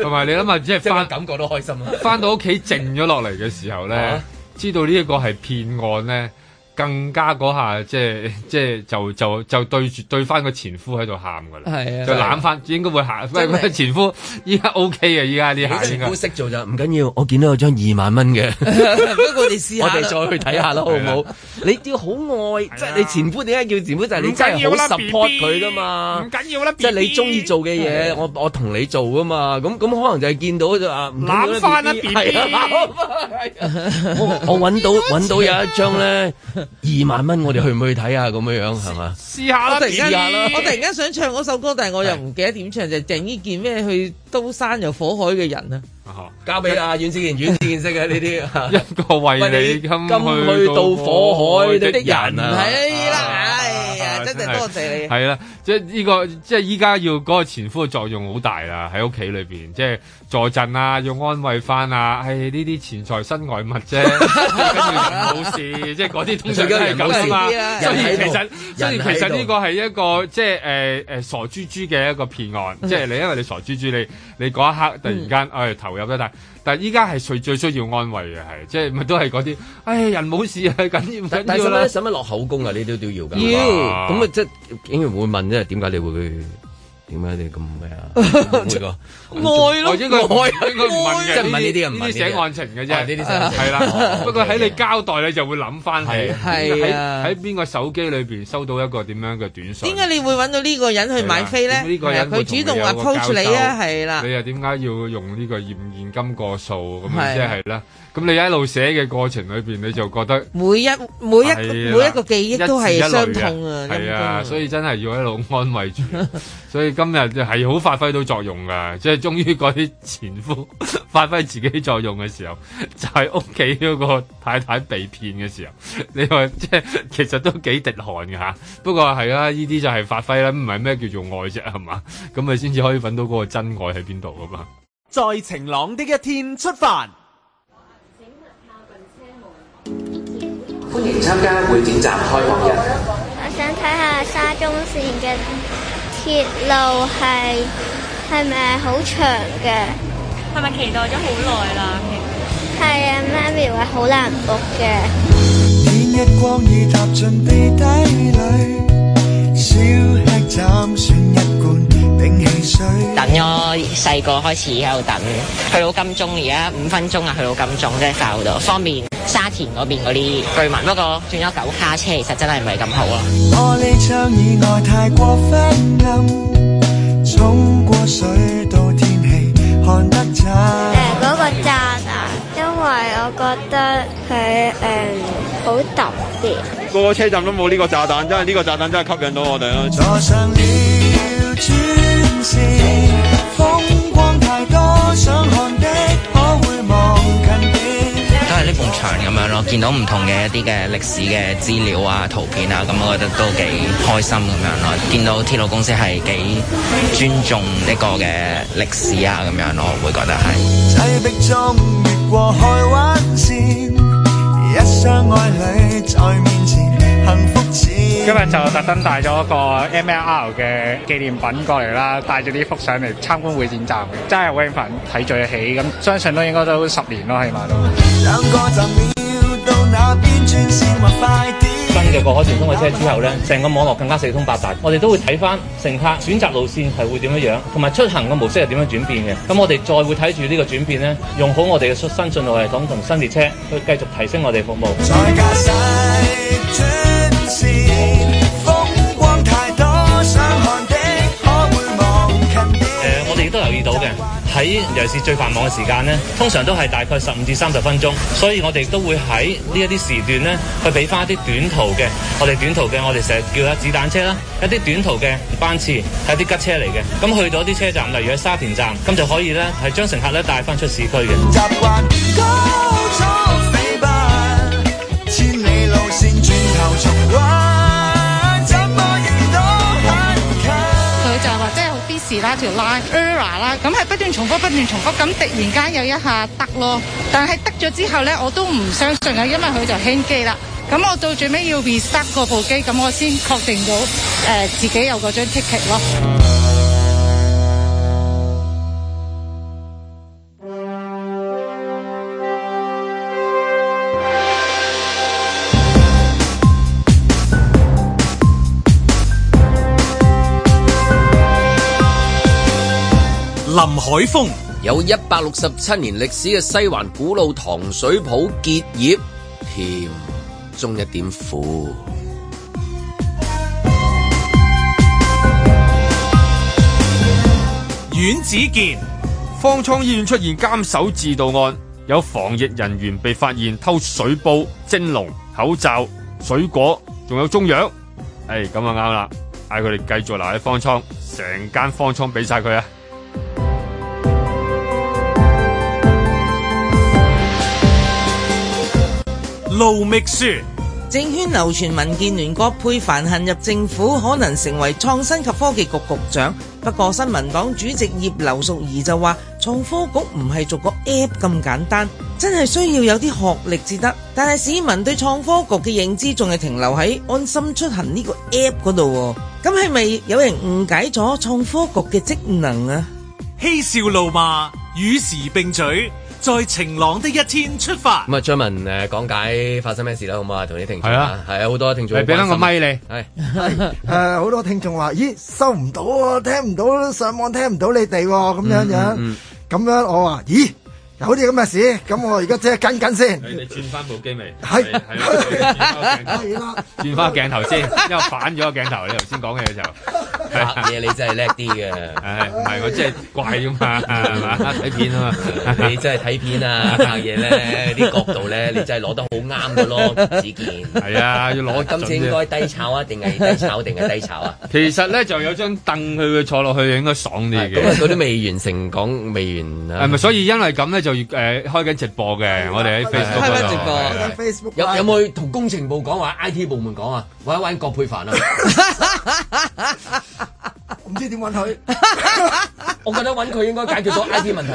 同埋你諗下，即係翻感覺都開心。翻到屋企靜咗落嚟嘅時候咧，知道呢一個係騙案咧，更加嗰下即係即係就就就對住對翻個前夫喺度喊㗎啦，就攬翻應該會喊。即係前夫依家 OK 嘅，依家啲前夫識做就唔緊要。我見到有張二萬蚊嘅，不過我哋試下，我哋再去睇下咯，好唔好？你要好愛，即係你前夫點解叫前夫？就係你真係好 support 佢㗎嘛？唔緊要啦，即係你中意做嘅嘢，我我同你做㗎嘛。咁咁可能就係見到啊，攬翻一係啊！我揾到揾到有一張咧，二萬蚊，我哋去唔去睇下咁樣樣係嘛？試下啦，突然試下啦！我突然間想唱嗰首歌，但係我又唔記得點唱？是就係鄭伊健咩去刀山又火海嘅人啊！交俾阿阮志賢，阮志賢識嘅呢啲，一個為你甘去到火海的人係啦，哎呀，真係多謝你。係啦，即係呢個即係依家要嗰個前夫嘅作用好大啦，喺屋企裏邊即係助陣啊，要安慰翻啊，唉呢啲錢財身外物啫，跟住冇事，即係嗰啲通常都係咁啊。所以其實，所以其實呢個係一個即係誒誒傻豬豬嘅一個騙案，即係你因為你傻豬豬，你你嗰一刻突然間誒投。有咩？但但依家係誰最需要安慰嘅，係即係咪都係嗰啲？唉，人冇事 Yeah. 啊，緊要唔緊要啦？使乜落口供啊？呢啲都要噶。咁啊！即係警員會問啫，點解你會去？點解你咁咩啊？呢個愛咯，呢個愛係應該唔問嘅，即係問呢啲人唔知寫案情嘅啫。呢啲係啦，不過喺你交代，你就會諗翻。係係啊，喺邊個手機裏邊收到一個點樣嘅短信？點解你會揾到呢個人去買飛咧？呢個人佢主動啊 call 住你啊，係啦。你又點解要用呢個驗現金過數咁樣？即係咧。咁你一路寫嘅過程裏邊，你就覺得每一每一的每一個記憶都係傷痛啊，係啊，的所以真係要一路安慰住。 所以今日係好發揮到作用噶，即係終於嗰啲前夫發揮自己作用嘅時候，就係屋企嗰個太太被騙嘅時候。你話即係其實都幾滴汗嘅吓，不過係啦，呢啲就係發揮啦，唔係咩叫做愛啫，係嘛？咁你先至可以搵到嗰個真愛喺邊度啊嘛！在晴朗的一天出發。歡迎參加會展站開放日。我想睇下沙中線嘅鐵路係係咪好長嘅？係咪期待咗好耐啦？係啊，媽咪話好難 book 嘅。等咗細個開始喺度等，去到金鐘而家五分鐘啊！去到金鐘真係快好多，方便沙田嗰邊嗰啲居民。不過轉咗九卡車，其實真係唔係咁好咯。誒，嗰個閘。因為我覺得佢誒，好特別，個個車站都冇呢個炸彈，真係呢個炸彈真係吸引到我哋咯。坐上了轉線，風光太多想看的，可會望近點？都係呢埲牆咁樣咯，見到唔同嘅一啲嘅歷史嘅資料啊、圖片啊，咁我覺得都幾開心咁樣咯。見到鐵路公司係幾尊重呢個嘅歷史啊，咁樣咯，我會覺得係。 過海灣線一雙愛侶在面前幸福。今日就特登帶咗個 MLR 嘅紀念品過嚟啦，帶咗啲幅相嚟參觀會展站，真係好興奮，睇最起咁，相信都應該都十年咯，起碼都兩個站。要到那邊轉線快啲。新嘅過海豚通嘅車之後咧，成個網絡更加四通八達。我哋都會睇返乘客選擇路線係會點樣樣，同埋出行嘅模式係點樣轉變嘅。咁我哋再會睇住呢個轉變咧，用好我哋嘅新信號系統同新列車，去繼續提升我哋服務。誒、呃，我哋亦都留意到嘅。喺尤其是最繁忙嘅時間呢，通常都係大概十五至三十分鐘，所以我哋都會喺呢一啲時段呢去俾翻一啲短途嘅，我哋短途嘅，我哋成日叫啦子彈車啦，一啲短途嘅班次係一啲吉車嚟嘅，咁去到啲車站，例如喺沙田站，咁就可以呢，係將乘客呢帶翻出市區嘅。時拉條 line error 啦，咁係不斷重複，不斷重複，咁突然間有一下得咯，但係得咗之後呢，我都唔相信啊，因為佢就 hang 機啦，咁我到最尾要 reset 嗰部機，咁我先確定到誒、呃、自己有嗰張 ticket 咯。林海峰，有一百六十七年歷史嘅西環古老糖水鋪結業，甜中一點苦。阮子健，方艙醫院出現監守自盜案，有防疫人員被發現偷水煲、蒸籠、口罩、水果，仲有中藥。誒、哎，咁啊啱啦，嗌佢哋繼續留喺方艙，成間方艙俾晒佢啊！路覓書，政圈流傳民建聯葛珮帆行入政府可能成為創新及科技局局長。不過，新民黨主席葉劉淑儀就話，創科局唔係做個 app 咁簡單，真係需要有啲學歷至得。但係市民對創科局嘅認知仲係停留喺安心出行呢個 app 嗰度，咁係咪有人誤解咗創科局嘅職能啊？嬉笑怒罵與時並舉。在晴朗的一天出發。咁啊，Jasmine 誒講解發生咩事啦，好唔好啊？同啲聽眾啊，係啊，係啊，好多聽眾。係，俾翻個咪你。係，誒好多聽眾話，咦，收唔到啊，聽唔到，上網聽唔到你哋喎，咁樣樣。嗯。咁樣我話，咦，有啲咁嘅事，咁我而家即係跟緊先。你你轉翻部機未？係係。係啦。轉翻個鏡頭先，因為反咗個鏡頭。你頭先講嘢嘅時候。拍嘢你真係叻啲嘅。唔係我真係怪咁啊？係嘛，睇片啊嘛，你真係睇片啊，拍嘢咧，啲角度咧，你真係攞得好啱噶咯，子健。係啊，要攞。今次應該低炒啊，定係低炒定係低炒啊？其實咧就有張凳，佢坐落去應該爽啲嘅。咁啊，佢都未完成，講未完啊？係咪？所以因為咁咧，就誒開緊直播嘅，我哋喺 Facebook 開緊直播 Facebook。有，有冇同工程部講，話 IT 部門講啊？揾一揾葛珮帆啊！唔知點揾佢？我覺得揾佢應該解決到 IP 問題。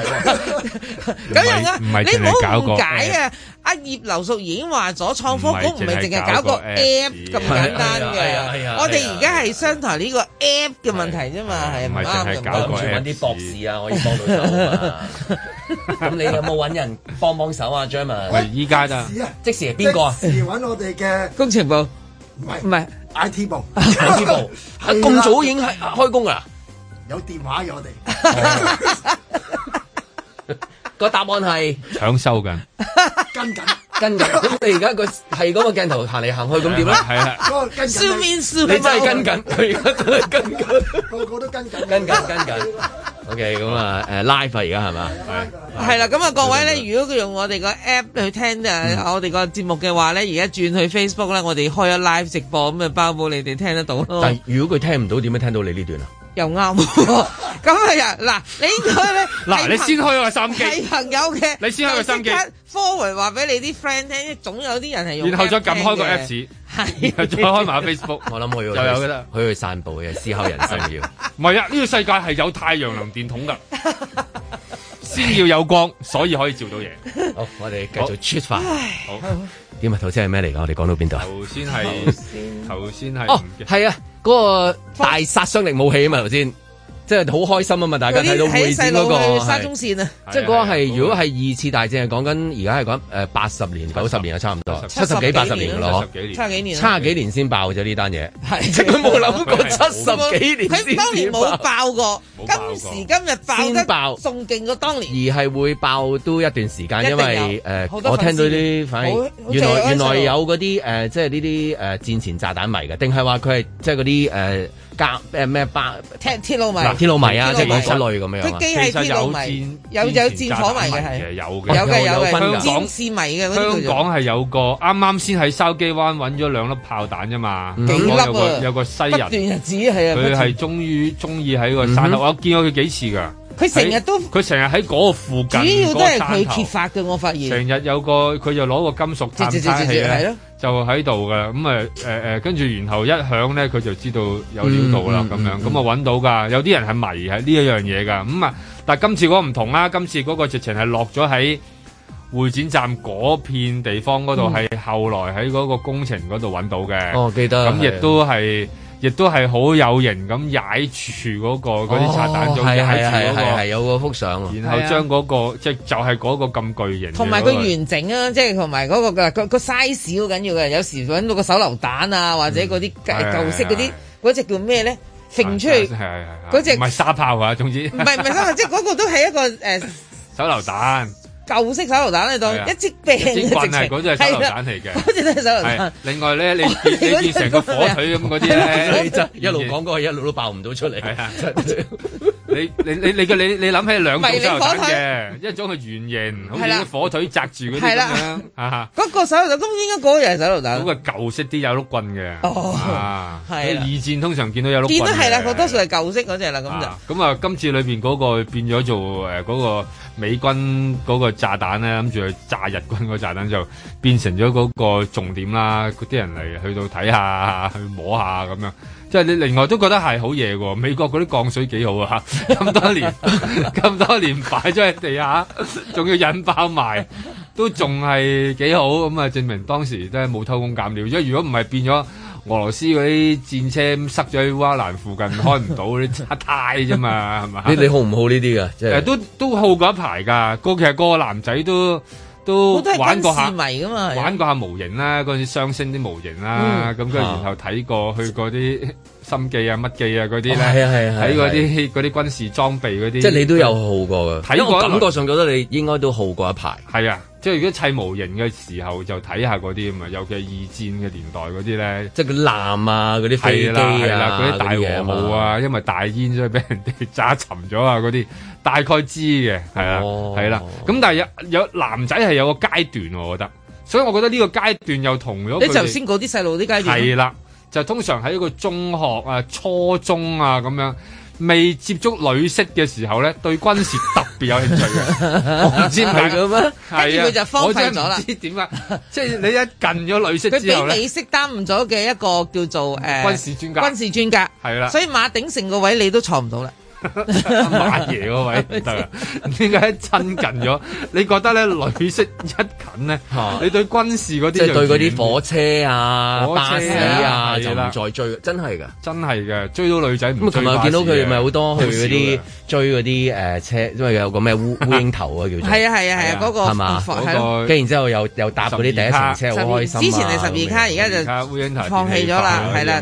咁樣啊？唔係淨係搞個誤解啊。阿葉劉淑儀已經話咗，創科局唔係淨係搞個 A P P 咁簡單嘅。我哋而家係商台呢個 A P P 嘅問題啫嘛。唔係淨係搞個。諗住揾啲博士啊，可以幫到手啊。咁你有冇揾人幫幫手啊，Jerman？喂，依家咋？即時？即時？係邊個？即時揾我哋嘅工程部。唔係唔係。IT 部，IT 部，咁早已經係開工啊！有電話畀我哋個答案係搶修緊，跟緊跟緊。咁你而家個係嗰個鏡頭行嚟行去，咁點咧？係係。你真係跟緊，佢而家真係跟緊，個個都跟緊，跟緊跟緊。OK，咁啊，誒 live 啊，而家係嘛？係係啦，咁啊，各位咧，如果佢用我哋個 app 去聽啊，誒，我哋個節目嘅話咧，而家轉去 Facebook 咧，我哋開咗 live 直播，咁啊包保你哋聽得到咯。但係，如果佢聽唔到，點樣聽到你呢段啊？又啱喎，咁啊又嗱，你應該咧嗱，你先開個心機，係朋友嘅，你先開個心機，forward 話俾你啲 friend 聽，總有啲人係用然後再撳開個 apps，係再開埋 Facebook，我諗可以，又有得可以去散步嘅，思考人生要，唔係啊，呢個世界係有太陽能電筒噶，先要有光，所以可以照到嘢。好，我哋繼續出發。好，點啊？頭先係咩嚟噶？我哋講到邊度啊？頭先係頭先係哦，係啊。個大殺傷力武器啊嘛，頭先？即係好開心啊嘛！大家睇到梅子嗰個沙中線啊，即係嗰個係如果係二次大戰，係講緊而家係講誒八十年、九十年啊，差唔多七十幾八十年咯，差幾年，差幾年先爆咗呢單嘢。係即係佢冇諗過七十幾年。佢當年冇爆過，今時今日爆得仲勁過當年，而係會爆都一段時間，因為誒我聽到啲反，原來原來有嗰啲誒，即係呢啲誒戰前炸彈迷嘅，定係話佢係即係嗰啲誒。甲，誒咩，巴鐵鐵路迷，嗱鐵路迷啊，即係嗰類咁樣啊嘛。佢機係鐵路迷，有有戰火迷其實有嘅，有嘅。香港戰士迷嘅。香港係有個啱啱先喺筲箕灣揾咗兩粒炮彈啫嘛，幾粒啊？有個西人不斷日子係啊，佢係終於中意喺個山頭，我見過佢幾次㗎。佢成日都佢成日喺嗰個附近，主要都係佢揭發嘅。我發現成日有個佢就攞個金屬探測器就喺度噶。咁誒誒誒，跟住然後一響咧，佢就知道有料到啦。咁樣咁啊，揾、嗯嗯、到噶。有啲人係迷喺呢一樣嘢噶。咁、嗯、啊，但係今次嗰個唔同啦。今次嗰個直情係落咗喺會展站嗰片地方嗰度，係、嗯、後來喺嗰個工程嗰度揾到嘅。我、嗯、記得咁、嗯嗯嗯、亦都係。亦都係好有型咁踩住嗰個嗰啲炸彈。中意踩住個，有幅相。然後將嗰個即係就係嗰個咁巨型，同埋佢完整啊，即係同埋嗰個嘅個 size 好緊要嘅。有時揾到個手榴彈啊，或者嗰啲舊式嗰啲嗰隻叫咩咧？揈出去嗰隻。唔係沙炮啊，總之唔係唔係即係嗰個都係一個誒手榴彈。舊式手榴彈咧，當一支兵嘅直情係嗰隻手榴彈嚟嘅，嗰隻都係手榴彈。另外咧，你你變成個火腿咁嗰啲，你就一路講嗰個一路都爆唔到出嚟。係啊，你你你你嘅你你諗起兩嚿手榴彈嘅，一個係圓形，好似火腿紮住嗰啲咧啊，嗰個手榴彈，咁應該嗰個又係手榴彈。嗰個舊式啲有碌棍嘅，啊係啦，二戰通常見到有碌棍係啦，多數係舊式嗰隻啦，咁就咁啊，今次裏邊嗰個變咗做誒嗰個。美軍嗰個炸彈咧，諗住去炸日軍嗰炸彈就變成咗嗰個重點啦。嗰啲人嚟去到睇下，去摸下咁樣，即係你另外都覺得係好嘢喎。美國嗰啲鋼水幾好啊，咁多年咁 多年擺咗喺地下，仲要引爆埋，都仲係幾好。咁啊，證明當時都係冇偷工減料。因為如果唔係變咗。俄羅斯嗰啲戰車塞咗喺瓦蘭附近開唔到，擦胎啫嘛，係嘛？你你好唔好呢啲噶？誒，都都好過一排噶，個其實個男仔都都玩過下，玩過下模型啦，嗰陣時雙星啲模型啦，咁跟住然後睇過去嗰啲心記啊、乜記啊嗰啲咧，係係睇嗰啲嗰啲軍事裝備嗰啲，即係你都有好過噶，睇過感覺上覺得你應該都好過一排，係啊。即係如果砌模型嘅時候，就睇下嗰啲咁啊，尤其係二戰嘅年代嗰啲咧，即係男啊，嗰啲飛機啊，嗰啲大和號啊，因為大煙所以俾人哋炸沉咗啊，嗰啲大概知嘅，係啊，係啦、哦。咁但係有有男仔係有個階段，我覺得，所以我覺得呢個階段又同咗。你頭先嗰啲細路啲階段係啦，就通常喺一個中學啊、初中啊咁樣，未接觸女式嘅時候咧，對軍事， 有興趣嘅，唔、 嗯、 知唔係咁啊。跟住佢就荒廢咗啦。係唔知點啊。即係你一近咗女色佢俾你色耽誤咗嘅一個叫做誒、呃、軍事專家。 軍事專家係啦。的所以馬鼎盛個位你都坐唔到啦。馬爺嗰位對啊，點解親近咗？你覺得咧，女色一近咧，你對軍事嗰啲即係對嗰啲火車啊、巴士啊，就唔再追，真係噶，真係嘅，追到女仔唔。咁琴日見到佢咪好多去嗰啲追嗰啲誒車，因為有個咩烏烏蠅頭啊叫做。係啊係啊係啊嗰個係嘛，跟然之後又又搭嗰啲第一層車好開心啊，之前係十二卡，而家就放棄咗啦，係啦，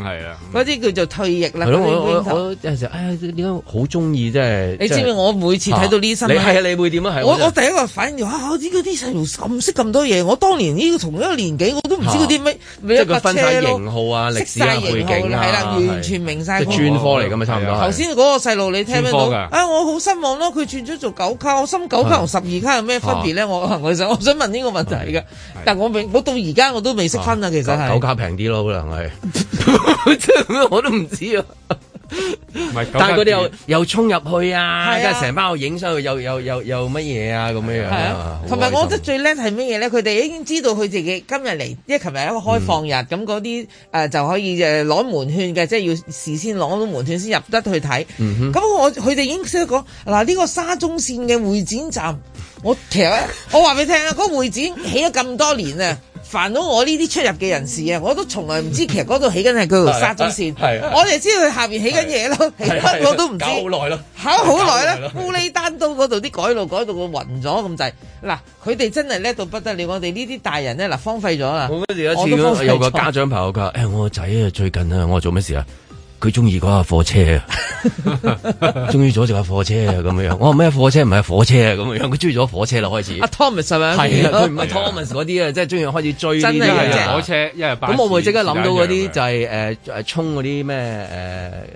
嗰啲叫做退役啦。我我我有時唉點解好？中意真係，你知唔知我每次睇到呢身，你係你會點啊？我我，第一個反應，哇！呢個啲細路咁識咁多嘢，我當年呢個同一個年紀，我都唔知嗰啲咩，即係個分車型號啊、歷史啊、背景啊、係啦，完全明晒，即係專科嚟㗎嘛，差唔多。頭先嗰個細路你聽唔聽到？啊，我好失望咯！佢轉咗做九卡，我心，九卡同十二卡有咩分別咧？我其實我想問呢個問題㗎。但我，我到而家我都未識分啊。其實係九卡平啲咯，可能係，我都唔知啊。 但係啲又 又沖入去啊，而家成班去影相，又又又又乜嘢啊，咁樣、啊、樣。係啊，同埋我覺得最叻係乜嘢咧？佢哋已經知道佢自己今日嚟，因為琴日係一個開放日，咁嗰啲誒就可以誒攞門券嘅，即係要事先攞到門券先入得去睇。咁、嗯、哼我佢哋已經識得講嗱，呢、啊這個沙中綫嘅會展站，我其實 我話俾你聽啊，嗰、那個、會展起咗咁多年啊。 煩到我呢啲出入嘅人士啊，我都從來唔知其實嗰度起緊係嗰條沙中線， 我哋知道佢下邊起緊嘢咯，乜 我都唔知。搞好耐咯，搞好耐咧，烏利 丹都嗰度啲改路改到個暈咗咁滯。嗱，佢哋真係叻到不得了，我哋呢啲大人咧嗱荒廢咗啦。一次我見到有個家長朋友講，誒、哎、我個仔啊最近啊，我做咩事啊？佢中意嗰架貨車，中意咗只架貨車啊咁樣。我話咩貨車唔係火車啊咁樣。佢中意咗火車啦開始。阿 Thomas 係咪？係，佢唔係 Thomas 嗰啲啊，即係中意開始追真啲火車，因為咁我會即刻諗到嗰啲就係誒誒衝嗰啲咩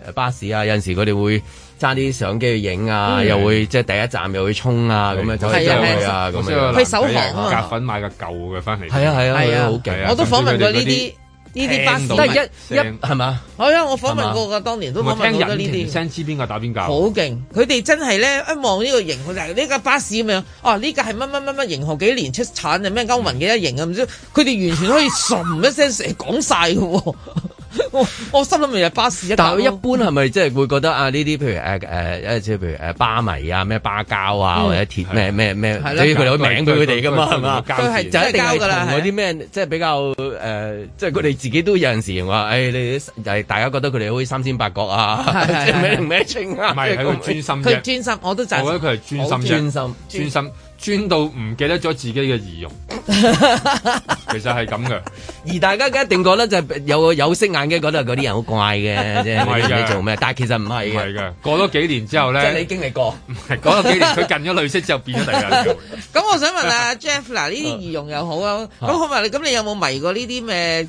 誒巴士啊。有陣時佢哋會揸啲相機去影啊，又會即係第一站又去衝啊咁樣走嚟走去啊咁樣。佢守行夾份買個舊嘅翻嚟。係啊係啊係啊，好勁啊！我都訪問過呢啲。呢啲巴士真係一正一係嘛？係啊嗎、哎，我訪問過㗎，當年都訪問咗呢啲。聽人聲知邊個打邊架。好勁！佢哋真係咧，一望呢個型號，就係呢架巴士咁樣。啊，呢架係乜乜乜乜型號？幾年出產啊？咩歐盟幾多型啊？唔知佢哋完全可以噏一聲成講曬嘅喎。 我心諗咪日巴士一但佢一般係咪即係會覺得啊？呢啲譬如誒誒，即譬如誒，巴迷啊，咩巴膠啊，或者鐵咩咩咩，所以佢有名俾佢哋噶嘛，係嘛？佢係就一定係同嗰啲咩，即係比較誒，即係佢哋自己都有陣時話，誒你誒大家覺得佢哋好似三尖八角啊？咩咩稱啊？唔係喺個專心佢專心，我都覺得佢係專心啫，專心，專心。專到唔記得咗自己嘅儀容，其實係咁嘅。 而大家一定覺得就係有個有色眼鏡覺得嗰啲人好怪嘅，即係你做咩？但係其實唔係嘅。係嘅。過咗幾年之後咧，即係你經歷過。過咗幾年，佢近咗女色之後變咗第二樣嘢。咁、 嗯嗯、我想問啊 Jeff，嗱呢啲儀容又好啊，咁好唔好？咁、嗯嗯嗯、你有冇迷過呢啲咩？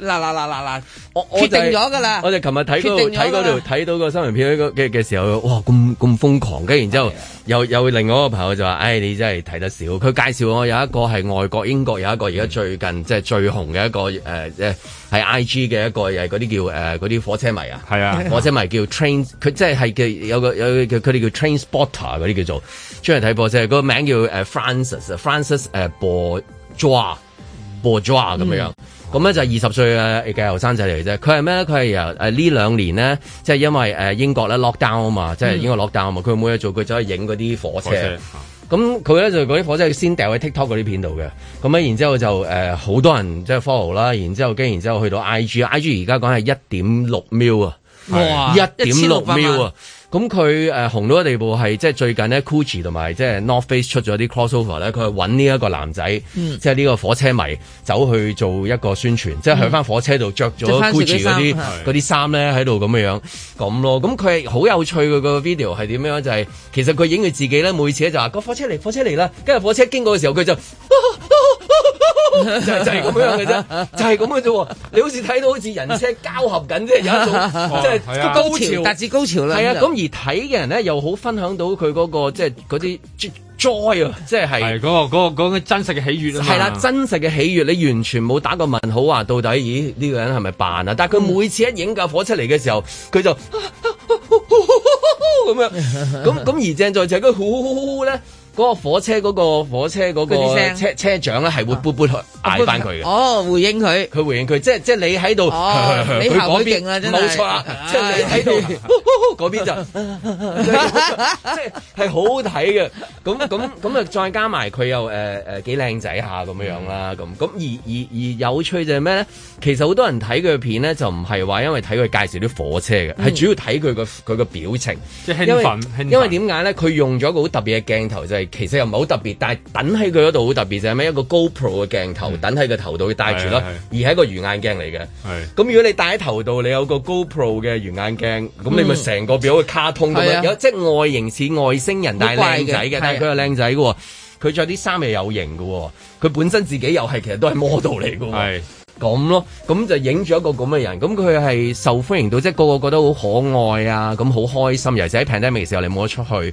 嗱嗱嗱嗱嗱！我我、就是、決定咗噶啦！我哋琴日睇嗰度睇嗰度睇到個新聞片嘅嘅時候，哇！咁咁瘋狂，跟住然之後又又的另外一個朋友就話，唉、哎，你真係睇得少！佢介紹我有一個係外國英國有一個而家最近、嗯、即係最紅嘅一個誒，即、呃、係 IG 嘅一個又係嗰啲叫誒嗰啲火車迷啊！係啊的，火車迷叫 train，佢即係係嘅有個有佢哋叫 trainspotter 嗰啲叫做出嚟睇火車，就是、個名叫誒 Francis Francis 誒 Bourgeois，Bourgeois 咁樣。咁咧就二十歲嘅嘅後生仔嚟啫，佢係咩咧？佢係由誒呢兩年咧，即係因為誒英國咧 lockdown 啊嘛，即係英國 lockdown 啊嘛，佢每日做，佢走去影嗰啲火車。咁佢咧就嗰啲火車先掉喺 TikTok 嗰啲片度嘅，咁咧然之後就誒好、呃、多人即係 follow 啦，然之後跟，然之後去到 IG，IG 而家講係一點六秒啊，哇，一點六秒啊！咁佢誒紅到一個地步係即係最近咧 Gucci 同埋即係 North Face 出咗啲 crossover 咧，佢係揾呢一 sover, 個男仔，嗯、即係呢個火車迷走去做一個宣傳，嗯、即係去翻火車度着咗 Gucci 啲啲衫咧喺度咁樣樣咁咯。咁佢好有趣嘅個 video 係點樣就係、是、其實佢影佢自己咧，每次咧就話個火車嚟，火車嚟啦，跟住火車經過嘅時候，佢就。啊啊 就是就係咁樣嘅啫，就係咁嘅啫。你好似睇到好似人車交合緊，即係有一種即係高潮，達、啊、潮至高潮啦。係啊，咁、就是、而睇嘅人咧，又好分享到佢嗰、那個即係嗰啲 joy，即係係嗰個、那個那個真實嘅喜悅啊。係啦，真實嘅喜悅，你完全冇打過問號話，到底咦呢、這個人係咪扮啊？但係佢每次一影架火出嚟嘅時候，佢、嗯、就咁、啊啊、樣，咁咁 而正在這就係佢咧。呼呼呢呢嗰個火車嗰個火車嗰個車車長咧，係會撥撥佢嗌返佢嘅。哦，回應佢。佢回應佢，即係即係你喺度。哦，李敖佢勁啦，真係。冇錯。即係你喺度嗰邊就，即係係好好睇嘅。咁咁咁啊，再加埋佢又誒誒幾靚仔下咁樣樣啦。咁咁而而而有趣就係咩咧？其實好多人睇佢嘅片咧，就唔係話因為睇佢介紹啲火車嘅，係主要睇佢個佢個表情。即興奮，興。因為點解咧？佢用咗一個好特別嘅鏡頭就係。其實又唔係好特別，但係等喺佢嗰度好特別就係、是、咩一個 GoPro 嘅鏡頭等喺佢頭度戴住咯，嗯、而係一個魚眼鏡嚟嘅。咁的如果你戴喺頭度，你有個 GoPro 嘅魚眼鏡，咁、嗯、你咪成個變咗個卡通咁、嗯、樣，的有即係外形似外星人，的但係靚仔嘅，但係佢係靚仔嘅。佢着啲衫又有型嘅，佢本身自己又係其實都係 model 嚟嘅。咁咯，咁就影住一個咁嘅人，咁佢係受歡迎到，即係個個覺得好可愛啊，咁好開心。尤其是喺 pandemic 時候，你冇得出去，咁、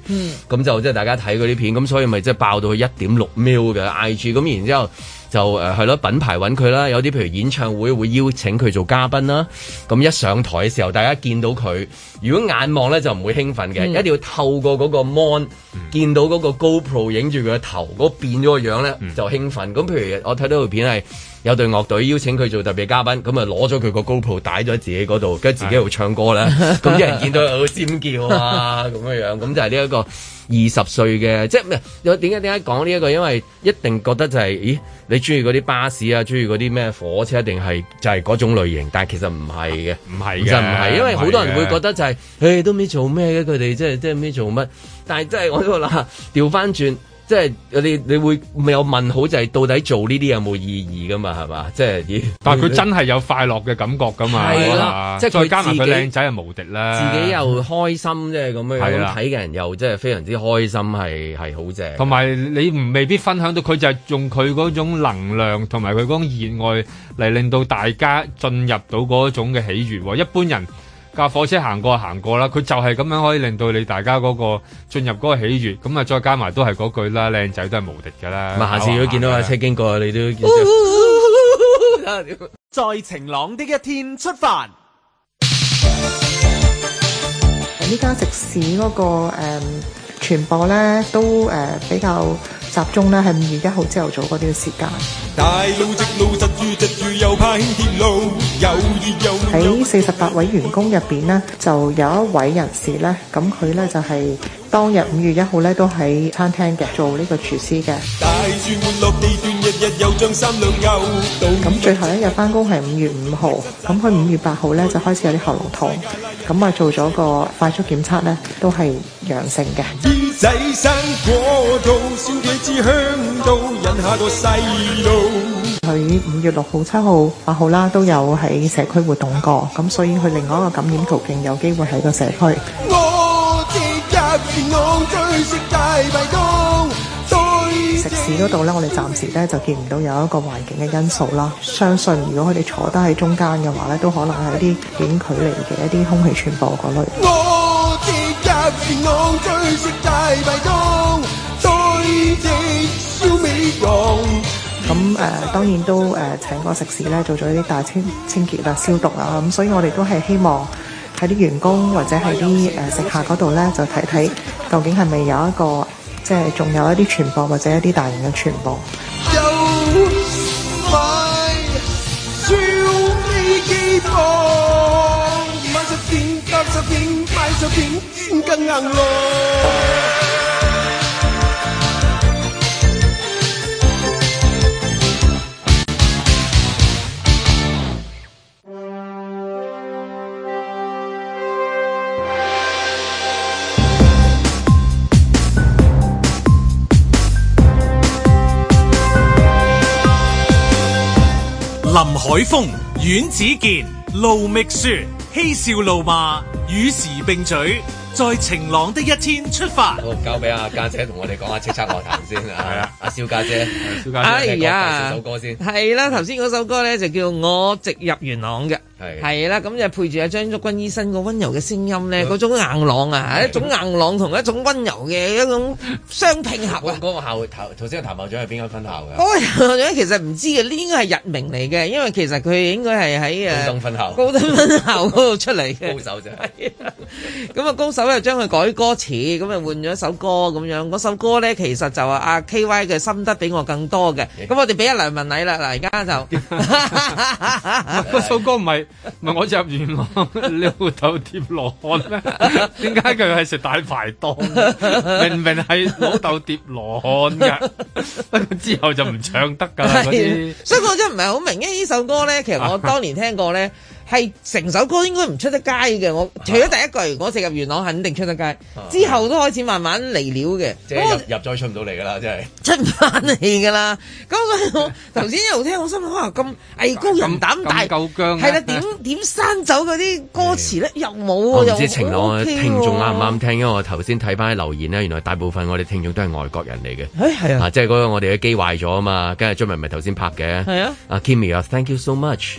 嗯、就即係大家睇嗰啲片，咁所以咪即係爆到佢一點六 million 嘅 IG 咁然之後就誒係咯，品牌揾佢啦，有啲譬如演唱會會邀請佢做嘉賓啦，咁一上台嘅時候，大家見到佢，如果眼望咧就唔會興奮嘅，嗯、一定要透過嗰個 mon、嗯、見到嗰個 GoPro 影住佢嘅頭，嗰變咗個樣咧就興奮。咁、嗯、譬如我睇到條片係。有隊樂隊邀請佢做特別嘉賓，咁啊攞咗佢個 GoPro 帶咗喺自己嗰度，跟住自己喺度唱歌咧，咁啲 人見到好尖叫啊，咁嘅樣，咁就係呢一個二十歲嘅，即係咩？點解點解講呢一個？因為一定覺得就係、是，咦？你中意嗰啲巴士啊，中意嗰啲咩火車，一定係就係嗰種類型。但其實唔係嘅，唔係嘅，唔係，因為好多人會覺得就係、是，誒是、哎、都唔知做咩嘅，佢哋即係即係唔知做乜，但係即係我呢個啦，調翻轉。即係你你會未有問好，就係到底做呢啲有冇意義噶嘛？係咪？即係啲，但係佢真係有快樂嘅感覺噶嘛？係啦，即係再加埋佢靚仔係無敵啦，自己又開心啫咁樣，睇嘅人又即係非常之開心，係係好正。同埋你唔未必分享到佢就係用佢嗰種能量同埋佢嗰種熱愛嚟令到大家進入到嗰種嘅喜悅喎。一般人。架火車行過行過啦，佢就係咁樣可以令到你大家嗰個進入嗰個喜悅，咁啊再加埋都係嗰句啦，靚仔都係無敵噶啦。下次如果見到架車經過，你都。 在晴朗的一天出發。家直那個嗯、呢家食市嗰個誒，傳播咧都誒、呃、比較。集中咧，係五月一號朝頭早嗰段時間。喺四十八位員工入邊呢，就有一位人士呢。咁佢呢就係、是。當日五月一號咧都喺餐廳嘅做呢個廚師嘅。咁 最後一日翻工係五月五號，咁佢五月八號咧就開始有啲喉嚨痛，咁啊 做咗個快速檢測咧都係陽性嘅。佢五 月六號、七號、八號啦都有喺社區活動過，咁 所以佢另外一個感染途徑有機會喺個社區。食肆嗰度呢，我哋暫時呢就見唔到有一個環境嘅因素啦。相信如果佢哋坐得喺中間嘅話呢，都可能係一啲短距離嘅一啲空氣傳播嗰類。咁誒、 呃，當然都誒、呃，請嗰食肆呢，做咗啲大清清潔啦、消毒啦。咁、啊、所以我哋都係希望。喺啲員工哇或者係啲誒食客嗰度咧，就睇睇究竟係咪有一個， 即係仲有一啲傳播或者一啲大型嘅傳播。 林海峰、阮子健、盧覓雪，嬉笑怒罵，與時並舉，在晴朗的一天出發。好， 交俾阿家姐同我哋講下叱咤樂壇先啊。係啊，阿蕭家姐。哎、啊、呀，姐姐 唱首歌先。係、哎、啦，頭先嗰首歌咧就叫我直入元朗嘅。係係啦，咁就配住阿張竹君醫生個溫柔嘅聲音咧，嗰種硬朗啊，一種硬朗同一種溫柔嘅一種相配合啊！嗰個校頭頭先個譚校長係邊間分校噶？嗰個校長其實唔知嘅，呢應該係日名嚟嘅，因為其實佢應該係喺啊高中分校，高中分校嗰度出嚟嘅高手啫。咁啊，高手又將佢改歌詞，咁啊換咗首歌咁樣。嗰首歌咧，其實就係阿 KY 嘅心得比我更多嘅。咁我哋俾阿梁文禮啦，嗱，而家就嗰首歌唔係。唔係 我入元朗，你老豆疊羅漢咩？點解佢係食大排檔？ 明明係老豆疊羅漢噶，之後就唔唱得噶。所以，我真唔係好明，因為呢首歌咧，其實我當年聽過咧。係成首歌應該唔出得街嘅，我除咗第一句，我直入元朗肯定出得街，之後都開始慢慢離了嘅。即係入咗出唔到嚟噶啦，真係出唔翻嚟噶啦。咁所以我頭先一路聽，我心諗可能咁藝高人膽大夠薑。係啦，點點刪走嗰啲歌詞咧又冇喎。唔知情朗嘅聽眾啱唔啱聽？因為我頭先睇翻啲留言咧，原來大部分我哋聽眾都係外國人嚟嘅。誒係啊，即係嗰個我哋嘅機壞咗啊嘛，今日張文咪頭先拍嘅。係啊，阿 Kimmy 啊，Thank you so much。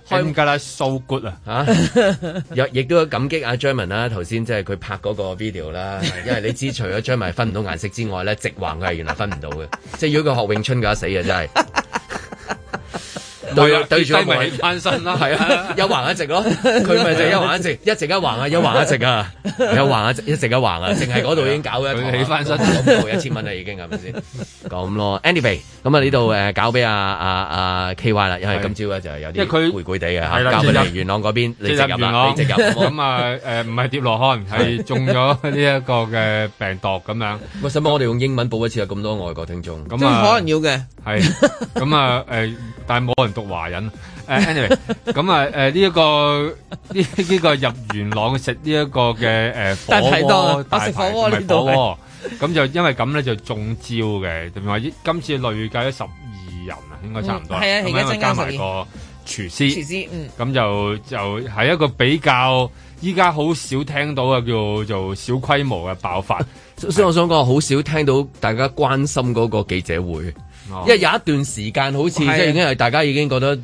開咁噶啦，so good 啊！又 亦都感激阿張文啦，頭先即係佢拍嗰個 video 啦，因為你知除咗張文分唔到顏色之外咧，直橫嘅係原來分唔到嘅， 即係如果佢學詠春嘅話死嘅真係。 對對住咪起翻身啦，係啊，一橫一直咯，佢咪就一橫一直，一直一橫啊，一橫一直啊，一橫一直，一直一橫啊，淨係嗰度已經搞咗一個起翻身，報一千蚊啦，已經係咪先？咁咯，anyway，咁啊呢度誒，搞俾阿阿阿 KY 啦，因為今朝咧就係有啲攰攰哋嘅嚇，交俾元朗嗰邊，你直入元朗，咁啊誒，唔係跌落去，係中咗呢一個嘅病毒咁樣。喂，使唔使我哋用英文報一次啊？咁多外國聽眾，咁可能要嘅。係咁啊誒，但係冇人讀。華人誒，anyway，咁啊，誒呢一個呢呢個入元朗食呢一個嘅誒火鍋，我食火鍋呢度咁，就因為咁咧就中招嘅，同埋依今次累計咗十二人啊，應該差唔多係啊，因為加埋個廚師，廚師嗯，咁就就係一個比較依家好少聽到嘅叫做小規模嘅爆發，所以我想講好少聽到大家關心嗰個記者會。因為有一段時間好似即係已經係大家已經覺得的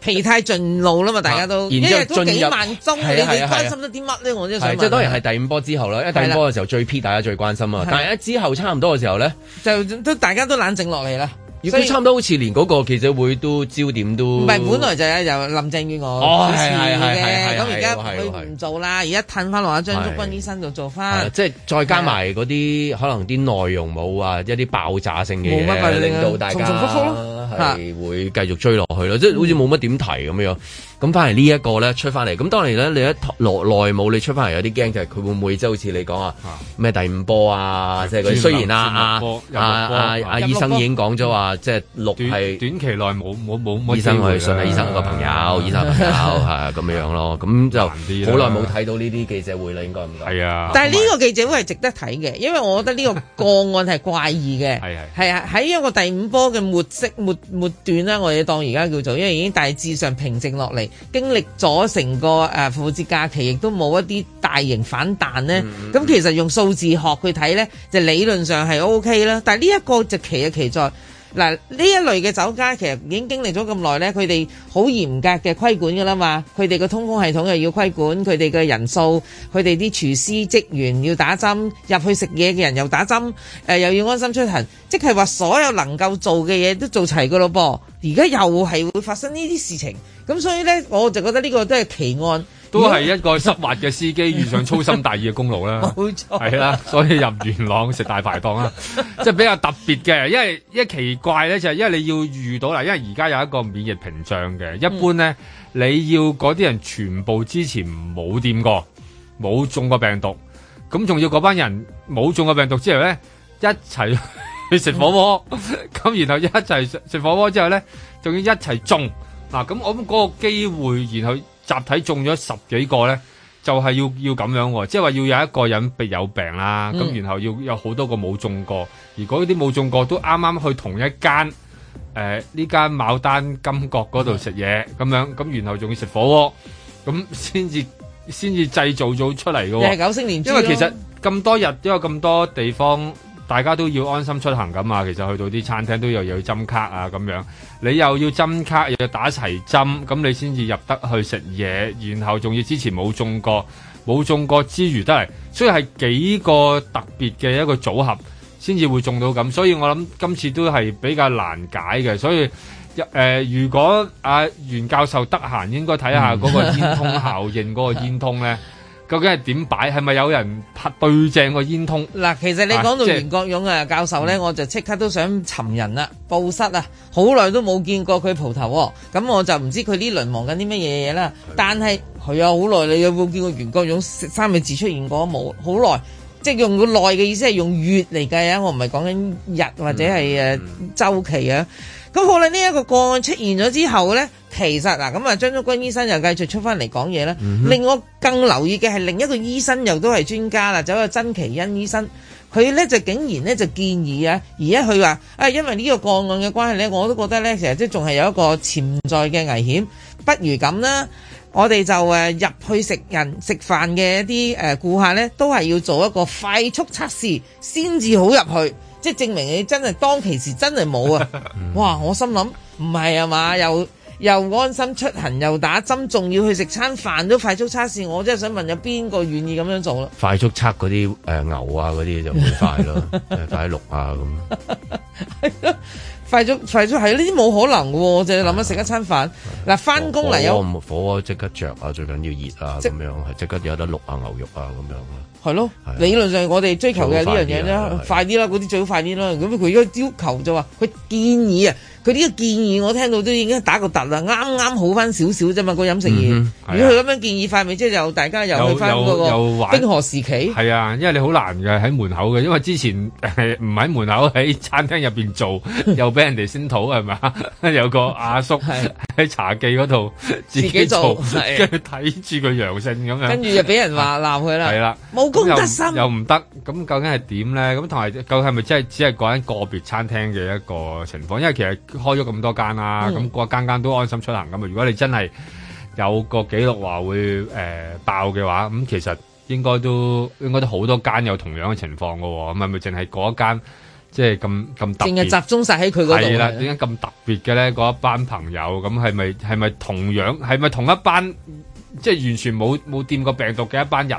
疲態盡露啦嘛，大家都，因為都幾萬宗，你關心咗啲乜咧？我真係想即係、就是、當然係第五波之後啦，的因為第五波嘅時候的最 P 大家最關心啊。的但係一之後差唔多嘅時候咧，就都大家都冷靜落嚟啦。所以差唔多好似連嗰個記者會都焦點都唔係，本來就有林鄭月娥主持嘅。咁而家佢唔做啦，而家褪翻落話張竹君醫生度做翻。即係再加埋嗰啲可能啲內容冇呀，一啲爆炸性嘅嘢，冇乜令到大家重複咯，係會繼續追落去咯。即係好似冇乜點提咁樣。咁翻嚟呢一個咧出翻嚟，咁當然咧你一落內冇你出翻嚟有啲驚，就係佢會唔會即係好似你講啊咩第五波啊，即係嗰啲雖然啊啊啊啊醫生已經講咗話，即係六係短期內冇冇冇。醫生去信係醫生個朋友，醫生朋友係咁樣咯，咁就好耐冇睇到呢啲記者會啦，應該唔係啊。但係呢個記者會係值得睇嘅，因為我覺得呢個個案係怪異嘅，係啊，喺一個第五波嘅末息末末段啦，我哋當而家叫做，因為已經大致上平靜落嚟。經歷咗成個復活節假期，亦都冇一啲大型反彈呢咁、嗯嗯嗯、其實用數字學去睇呢，就理論上係 O K 啦。但係呢一個就奇就奇在。嗱，呢一類嘅酒家其實已經經歷咗咁耐呢，佢哋好嚴格嘅規管噶啦嘛，佢哋嘅通風系統又要規管，佢哋嘅人數，佢哋啲廚師職員要打針，入去食嘢嘅人又打針，誒、呃、又要安心出行，即係話所有能夠做嘅嘢都做齊噶咯噃，而家又係會發生呢啲事情，咁所以呢，我就覺得呢個都係奇案。都係一個濕滑嘅司機遇上粗心大意嘅公路啦，係啦， 所以入元朗食大排檔啦，即係比較特別嘅，因為一奇怪咧就係、是，因為你要遇到啦，因為而家有一個免疫屏障嘅，一般咧你要嗰啲人全部之前冇掂過，冇中過病毒，咁仲要嗰班人冇中過病毒之後咧，一齊去食火鍋魔，咁 然後一齊食火鍋之後咧，仲要一齊中，嗱，咁我諗嗰個機會然後。集體中咗十幾個呢，就係、是、要要咁樣喎，即係話要有一個人必有病啦，咁、嗯、然後要有好多個冇中過，如果啲冇中過都啱啱去同一間誒呢間牡丹金閣嗰度食嘢咁樣，咁然後仲要食火鍋，咁先至先至製造咗出嚟嘅喎。係九星連珠，因為其實咁、哦、多日都有咁多地方。大家都要安心出行咁啊，其實去到啲餐廳都有有要要針卡啊咁樣，你又要針卡，又要打齊針，咁你先至入得去食嘢，然後仲要之前冇中過，冇中過之餘都係，所以係幾個特別嘅一個組合先至會中到咁，所以我諗今次都係比較難解嘅，所以誒、呃，如果阿、啊、袁教授得閒，應該睇下嗰個煙通效應嗰 個煙通呢。究竟係點擺？係咪有人拍對正個煙囪？嗱，其實你講到袁國勇啊，教授咧，我就即刻都想尋人啦，報失的啊，好耐都冇見過佢蒲頭，咁我就唔知佢呢輪忙緊啲乜嘢嘢啦。但係係啊，好耐你有冇見過袁國勇三個字出現過？冇，好耐，即係用個耐嘅意思係用月嚟計啊，我唔係講緊日或者係誒週期啊。嗯嗯咁好啦，呢、這、一個個案出現咗之後呢，其實嗱咁啊，張竹君醫生又繼續出返嚟講嘢啦。嗯、哼令我更留意嘅係另一個醫生，又都係專家啦，就係曾其恩醫生。佢呢，就竟然呢，就建議啊，而家佢話啊，因為呢個個案嘅關係呢，我都覺得呢，其實即仲係有一個潛在嘅危險，不如咁啦，我哋就誒入、啊、去食人食飯嘅一啲誒顧客呢，都係要做一個快速測試先至好入去。即係證明你真係當其時真係冇啊！哇，我心諗唔係啊嘛，又又安心出行，又打針，仲要去食餐飯都快速測試，我真係想問有邊個願意咁樣做啦？快速測嗰啲誒牛啊嗰啲就快咯，快啲淥下咁。係咯，快速快速係呢啲冇可能嘅，我就係諗緊食一餐飯嗱翻工嚟有火鍋即刻着啊，最緊要熱啊咁樣係即刻，即刻有得淥下、啊、牛肉啊咁樣。係咯，理論上的我哋追求嘅呢樣嘢啦，快啲啦、就是，嗰啲最好快啲啦。咁佢而家要求就話，佢建議啊。佢呢個建議我聽到都已經打個突啦，啱啱好翻少少啫嘛個飲食業，嗯、哼如果佢咁樣建議快未，啊、即係又大家又去翻嗰個冰河時期。係啊，因為你好難嘅喺門口嘅，因為之前唔喺門口喺餐廳入邊做，又俾人哋聲討係咪？有個阿叔喺茶記嗰度自己做，跟住睇住佢陽性咁樣，啊、跟住就俾人話鬧佢啦。係啦、啊，冇公德心又唔得，咁究竟係點咧？咁同埋究竟係咪真係只係講緊個別餐廳嘅一個情況？因為其實。開咗咁多間啦、啊，咁嗰間間都安心出行咁啊！如果你真係有個記錄話會誒、呃、爆嘅話，咁、嗯、其實應該都應該都好多間有同樣嘅情況噶、啊，咁係咪淨係嗰一間即係咁咁特別？淨係集中晒喺佢嗰度係啦？點解咁特別嘅咧？嗰一班朋友咁係咪係咪同樣係咪同一班？即係完全冇冇掂過病毒嘅一班人，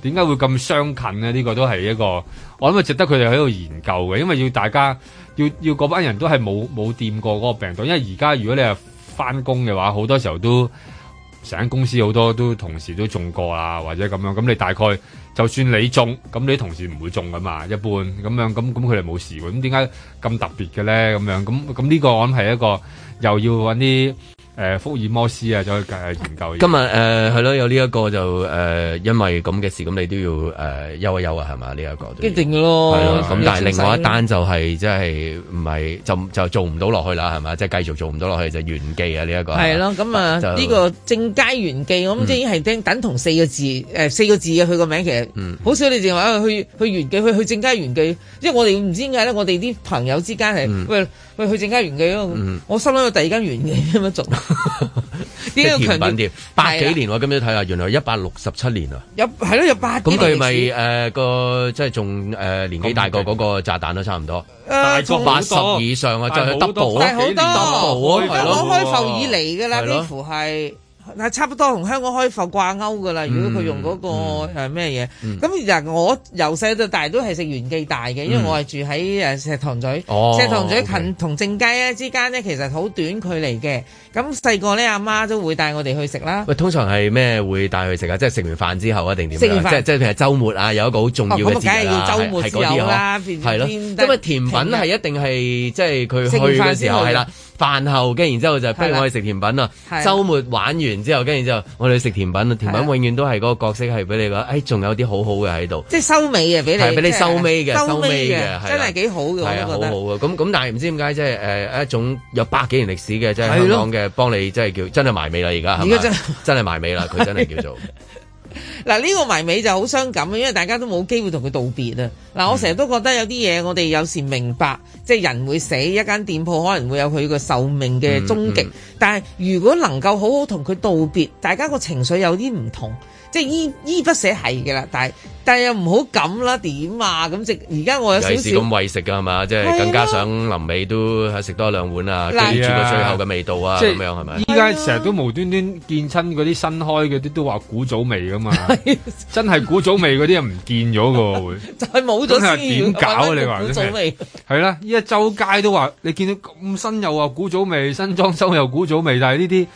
點解、嗯、會咁相近呢？呢、呢個都係一個，我諗係值得佢哋喺度研究嘅，因為要大家要要嗰班人都係冇冇掂過嗰個病毒。因為而家如果你係翻工嘅話，好多時候都成間公司好多都同事都中過啊，或者咁樣。咁你大概就算你中，咁你啲同事唔會中噶嘛，一般咁樣咁咁佢哋冇事喎。咁點解咁特別嘅咧？咁樣咁咁呢個我諗係一個又要揾啲。誒，福爾摩斯啊，再去誒研究。今日誒係咯，有呢一個就誒，因為咁嘅事，咁你都要誒休一休啊，係嘛呢一個。一定咯，咁但係另外一單就係即係唔係就就做唔到落去啦，係嘛，即係繼續做唔到落去就原記啊呢一個。係咯，咁啊呢個正佳原記，我咁即係等同四個字誒，四個字嘅佢個名，其實好少你淨係話啊去去原記，去去正佳原記，因為我哋唔知點解咧，我哋啲朋友之間係喂喂去正佳原記啊，我心諗去第二間原記咁樣做。呢個 甜品店，了八幾年我今日睇下，原來一百六十七年個啊，有係咯有八。咁佢咪誒個即係仲誒年紀大過嗰個炸彈都差唔多。誒、啊，八十以上啊，再得補啊，年年補啊，係咯、嗯。開埠以嚟噶啦，幾乎係。嗱，差不多同香港開埠掛鈎嘅啦。如果佢用嗰個係咩嘢，咁其實我由細到大都係食元記大嘅，因為我係住喺誒石塘咀，石塘咀近同正街咧之間咧，其實好短距離嘅。咁細個咧，阿媽都會帶我哋去食啦。喂，通常係咩會帶佢去食啊？即係食完飯之後一定點？食飯即係即係譬如周末啊，有一個好重要嘅節日啦，係嗰啲啦。係咯，因為甜品係一定係即係佢去嘅時候係啦。飯後跟然之後就，不如我哋食甜品啦。週末玩完之後跟然之後，我哋食甜品啦。甜品永遠都係嗰個角色係俾你講，誒，仲有啲好好嘅喺度。即係收尾嘅俾你，俾你收尾嘅，收尾嘅，真係幾好嘅，我都覺得。好好嘅，咁，咁，但係唔知點解，即係誒一種有百幾年歷史嘅，即係香港嘅，幫你即係叫真係埋尾啦。而家，而家真真係埋尾啦，佢真係叫做。嗱，呢個埋尾就好傷感啊，因為大家都冇機會同佢道別啊。嗱，我成日都覺得有啲嘢，我哋有時明白，即係人會死，一間店鋪可能會有佢個壽命嘅終極。但係如果能夠好好同佢道別，大家個情緒有啲唔同。即係依依不捨係嘅啦，但係但係又唔好咁啦，點啊咁食？而家我有少少咁喂食噶係嘛，即係更加想臨尾都食多兩碗啊，記住個最後嘅味道啊，咁、啊、樣係咪？依家成日都無端端見親嗰啲新開嘅都都話古早味噶嘛，啊、真係古早味嗰啲又唔見咗個會， 真係冇咗資源。點搞啊？你話古早味係啦，依家、啊、周街都話你見到咁新又話古早味，新裝修又古早味，但係呢啲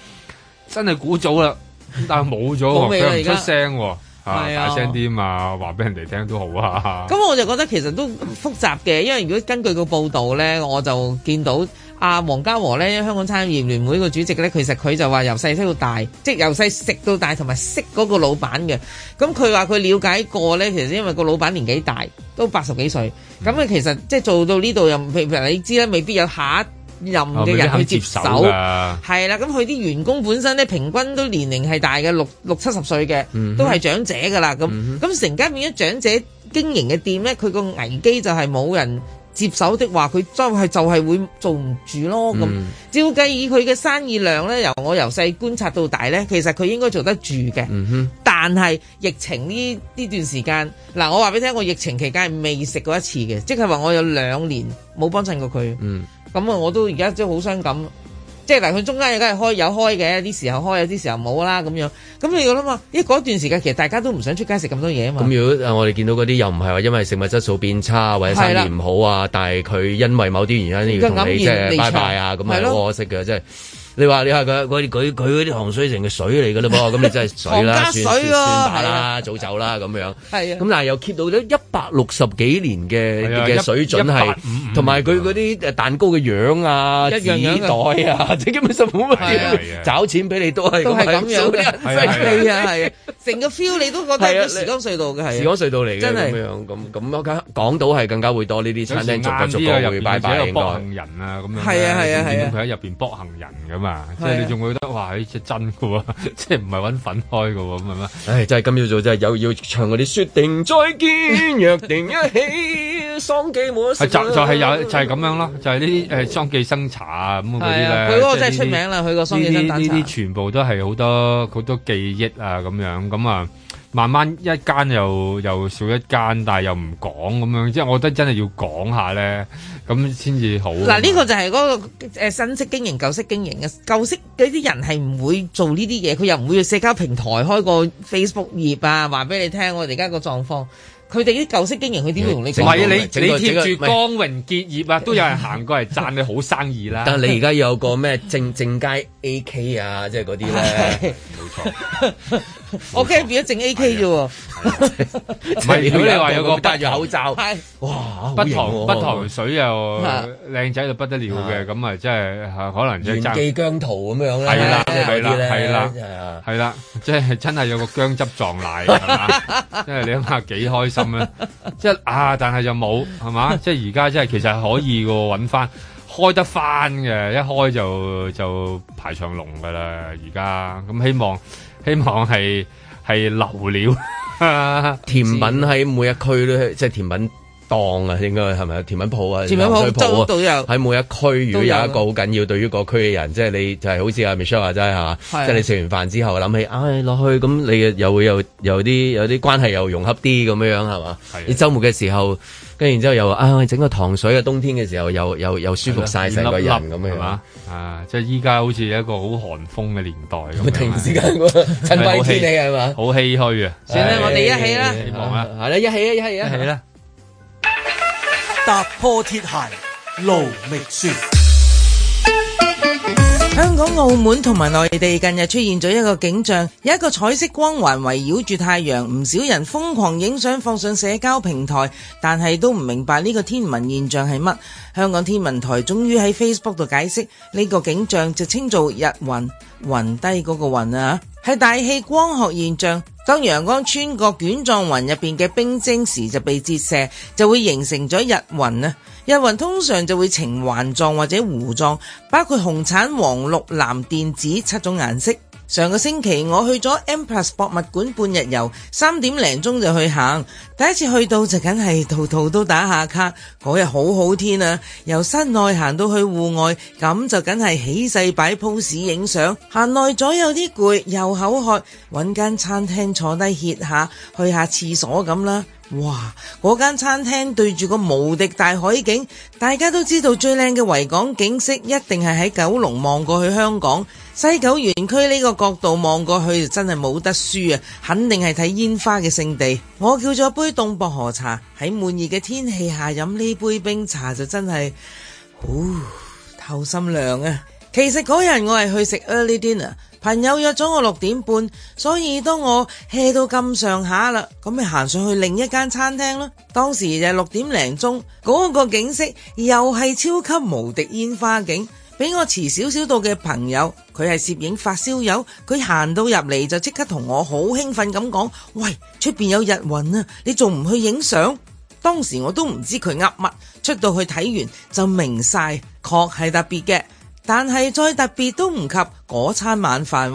真係古早啦。 但係冇咗，啊、出聲喎，大聲啲啊嘛，話俾人哋聽都好啊。咁我就覺得其實都複雜嘅，因為如果根據個報道咧，我就見到阿、啊、黃家和咧，香港餐飲業聯會個主席咧，其實佢就話由細識到大，即係由細食到大，同埋識嗰個老闆嘅。咁佢話佢了解過咧，其實因為個老闆年紀大，都八十幾歲，咁佢、嗯、其實即係做到呢度又，譬如你知咧，未必有下任嘅人去接手，係啦、哦，咁佢啲員工本身咧，平均都年齡係大嘅，六六七十歲嘅，嗯、哼都係長者噶啦。咁咁、嗯、哼成間變咗長者經營嘅店咧，佢個危機就係冇人接手的話，佢就係就係會做唔住咯。咁、嗯、照計以佢嘅生意量咧，由我由細觀察到大咧，其實佢應該做得住嘅。嗯、哼但係疫情呢呢段時間，嗱，我話俾你聽，我疫情期間係未食過一次嘅，即係話我有兩年冇幫襯過佢。嗯咁啊、嗯，我都而家即係好傷感，即係但佢中間有梗係開有開嘅，有啲時候開，有啲時候冇啦咁樣。咁你諗啊，呢嗰段時間其實大家都唔想出街食咁多嘢啊嘛。咁如果我哋見到嗰啲又唔係話因為食物質素變差或者生意唔好啊，了但係佢因為某啲原因要同你即係言拜拜啊，咁係好可惜嘅，即係。你話你話佢佢佢佢嗰啲糖水城嘅水嚟㗎啦噃，咁你真係水啦，算算打啦，早走啦咁樣。係啊。咁但係又 keep 到咗一百六十幾年嘅嘅水準係，同埋佢嗰啲誒蛋糕嘅樣啊，紙袋啊，即係根本就冇乜嘢，找錢俾你都係咁樣。係啊係。成個 feel 你都覺得係時間隧道嘅係。時間隧道嚟嘅真係咁樣咁咁，我覺得港島係更加會多呢啲餐廳逐個逐個會擺擺，應該。行人啊咁樣。係啊係啊係。咁佢喺入邊博行人咁。即係你仲會覺得、啊、哇，呢真噶喎，即係唔係搵粉開噶喎，咁係咩？唉，真係咁要做，真係有要唱嗰啲《說定再見》，約 定一起桑記滿。係就就係、是、有就係、是、咁樣咯，就係呢啲誒桑記生茶、那個、那啊咁嗰啲咧。佢嗰個真係出名啦，佢個桑記生茶。呢啲全部都係好多好多記憶啊，咁樣咁啊。.慢慢一間又又少一間，但係又唔講咁樣，即係我覺得真係要講下咧，咁先至好。嗱，呢個就係嗰個誒新式經營、舊式經營嘅舊式嗰啲人係唔會做呢啲嘢，佢又唔會去社交平台開個 Facebook 頁啊，話俾你聽我哋而家個狀況。佢哋啲舊式經營，佢點會同你？唔係啊，你你貼住光榮結業啊，都有人行過嚟讚你好生意啦。但係你而家有個咩正正街 AK 啊，即係嗰啲咧，冇錯。我變咗剩 AK 啫喎，如果你話有個戴住口罩，哇，薑糖薑糖水又靚仔到不得了嘅，咁啊即係可能即係姜濤咁樣咧，係啦係啦係啦係啦，即係真係有個薑汁撞奶，即係你諗下幾開心咧，即係啊，但係就冇係嘛，即係而家即係其實可以嘅揾翻開得翻嘅，一開就就排長龍嘅啦，而家咁希望。希望係係流料。 甜甜，甜品喺每一區都即係甜品檔啊，應該係咪甜品鋪啊，甜品鋪啊，都有喺每一區。如果有一個好緊要，對於個區嘅人，有即係你就係、是、好似阿 Michelle 話齋嚇，的即係你食完飯之後諗起，唉、哎、落去咁，你又會有有啲有啲關係又融洽啲咁樣樣係嘛？的你週末嘅時候。跟住之後又啊整個糖水啊，冬天嘅時候又又又舒服晒成個人咁樣啊，即係依家好似一個好寒風嘅年代咁突然之間，陳貴天氣係嘛，好唏噓啊！算啦，我哋一起啦，係啦，一起啊，一起一起啦！踏破鐵鞋路未熟。香港、澳門同埋內地近日出現咗一個景象，有一個彩色光環圍繞住太陽，唔少人瘋狂影相放上社交平台，但係都唔明白呢個天文現象係乜。香港天文台終於喺 Facebook 度解釋呢個景象，就稱做日暈。暈低嗰個暈啊，係大氣光學現象。當陽光穿過卷狀雲入邊嘅冰晶時，就被折射，就會形成咗日暈啊。日暈通常就會呈環狀或者弧狀，包括紅、橙、黃、綠、藍、靛、紫七種顏色。上個星期我去咗 M+ 博物館半日遊，三點零鐘就去行。第一次去到就梗係度度都打下卡。嗰日好好天啊，由室內行到去戶外，咁就梗係起勢擺 pose 影相。行耐咗有啲攰又口渴，揾間餐廳坐低歇下，去下廁所咁啦。哇！嗰間餐廳對住個無敵大海景，大家都知道最靚嘅維港景色一定係喺九龍望過去香港。西九園區呢個角度望過去，真係冇得輸啊！肯定係睇煙花嘅聖地。我叫咗杯凍薄荷茶，喺悶熱嘅天氣下飲呢杯冰茶就真係，好透心涼啊！其實嗰日我係去食 early dinner，朋友約咗我六點半，所以當我 hea 到咁上下啦，咁咪行上去另一間餐廳咯。當時就六點零鐘，嗰、嗰個景色又係超級無敵煙花景。俾我遲少少到嘅朋友，佢係攝影發燒友，佢行到入嚟就即刻同我好興奮咁講：喂，出邊有日暈啊！你仲唔去影相？當時我都唔知佢噏乜，出到去睇完就明晒，確係特別嘅。但係再特別都唔及嗰餐晚飯。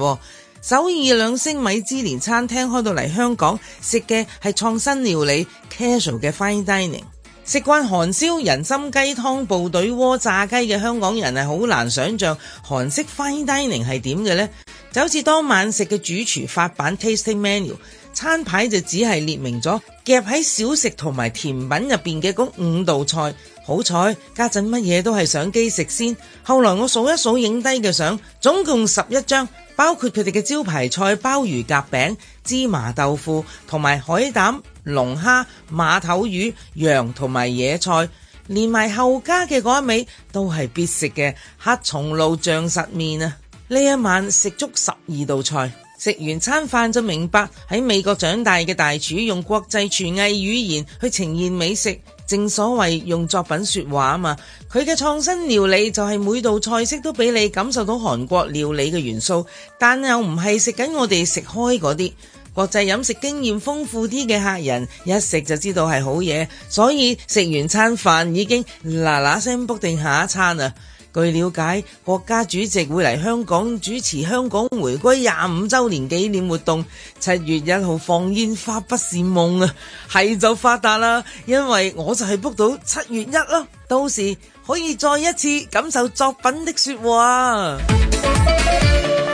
首爾兩星米芝蓮餐廳開到嚟香港，食嘅係創新料理，casual 嘅 fine dining。食慣韓燒、人參雞湯、部隊鍋、炸雞嘅香港人，係好難想象韓式 fine dining 係點嘅呢？就好似當晚食嘅主廚發辦 tasting menu 餐牌，就只係列明咗夾喺小食同埋甜品入邊嘅嗰五道菜。好彩家陣乜嘢都係相機食先。後來我數一數影低嘅相，總共十一張，包括佢哋嘅招牌菜鮑魚夾餅、芝麻豆腐同埋海膽。龍蝦、馬頭魚、羊同埋野菜，連埋後加嘅嗰一味都係必食嘅黑松露醬實麵啊！呢一晚食足十二道菜，食完餐飯就明白喺美國長大嘅大廚用國際廚藝語言去呈現美食，正所謂用作品說話嘛。佢嘅創新料理就係每道菜式都俾你感受到韓國料理嘅元素，但又唔係食緊我哋食開嗰啲。國際飲食經驗豐富啲嘅客人一食就知道係好嘢，所以食完餐飯已經嗱嗱聲卜定下一餐啊！據了解，國家主席會嚟香港主持香港回歸廿五週年紀念活動，七月一號放煙花不是夢啊！係 就發達啦，因為我就係卜到七月一咯，到時可以再一次感受作品的説話。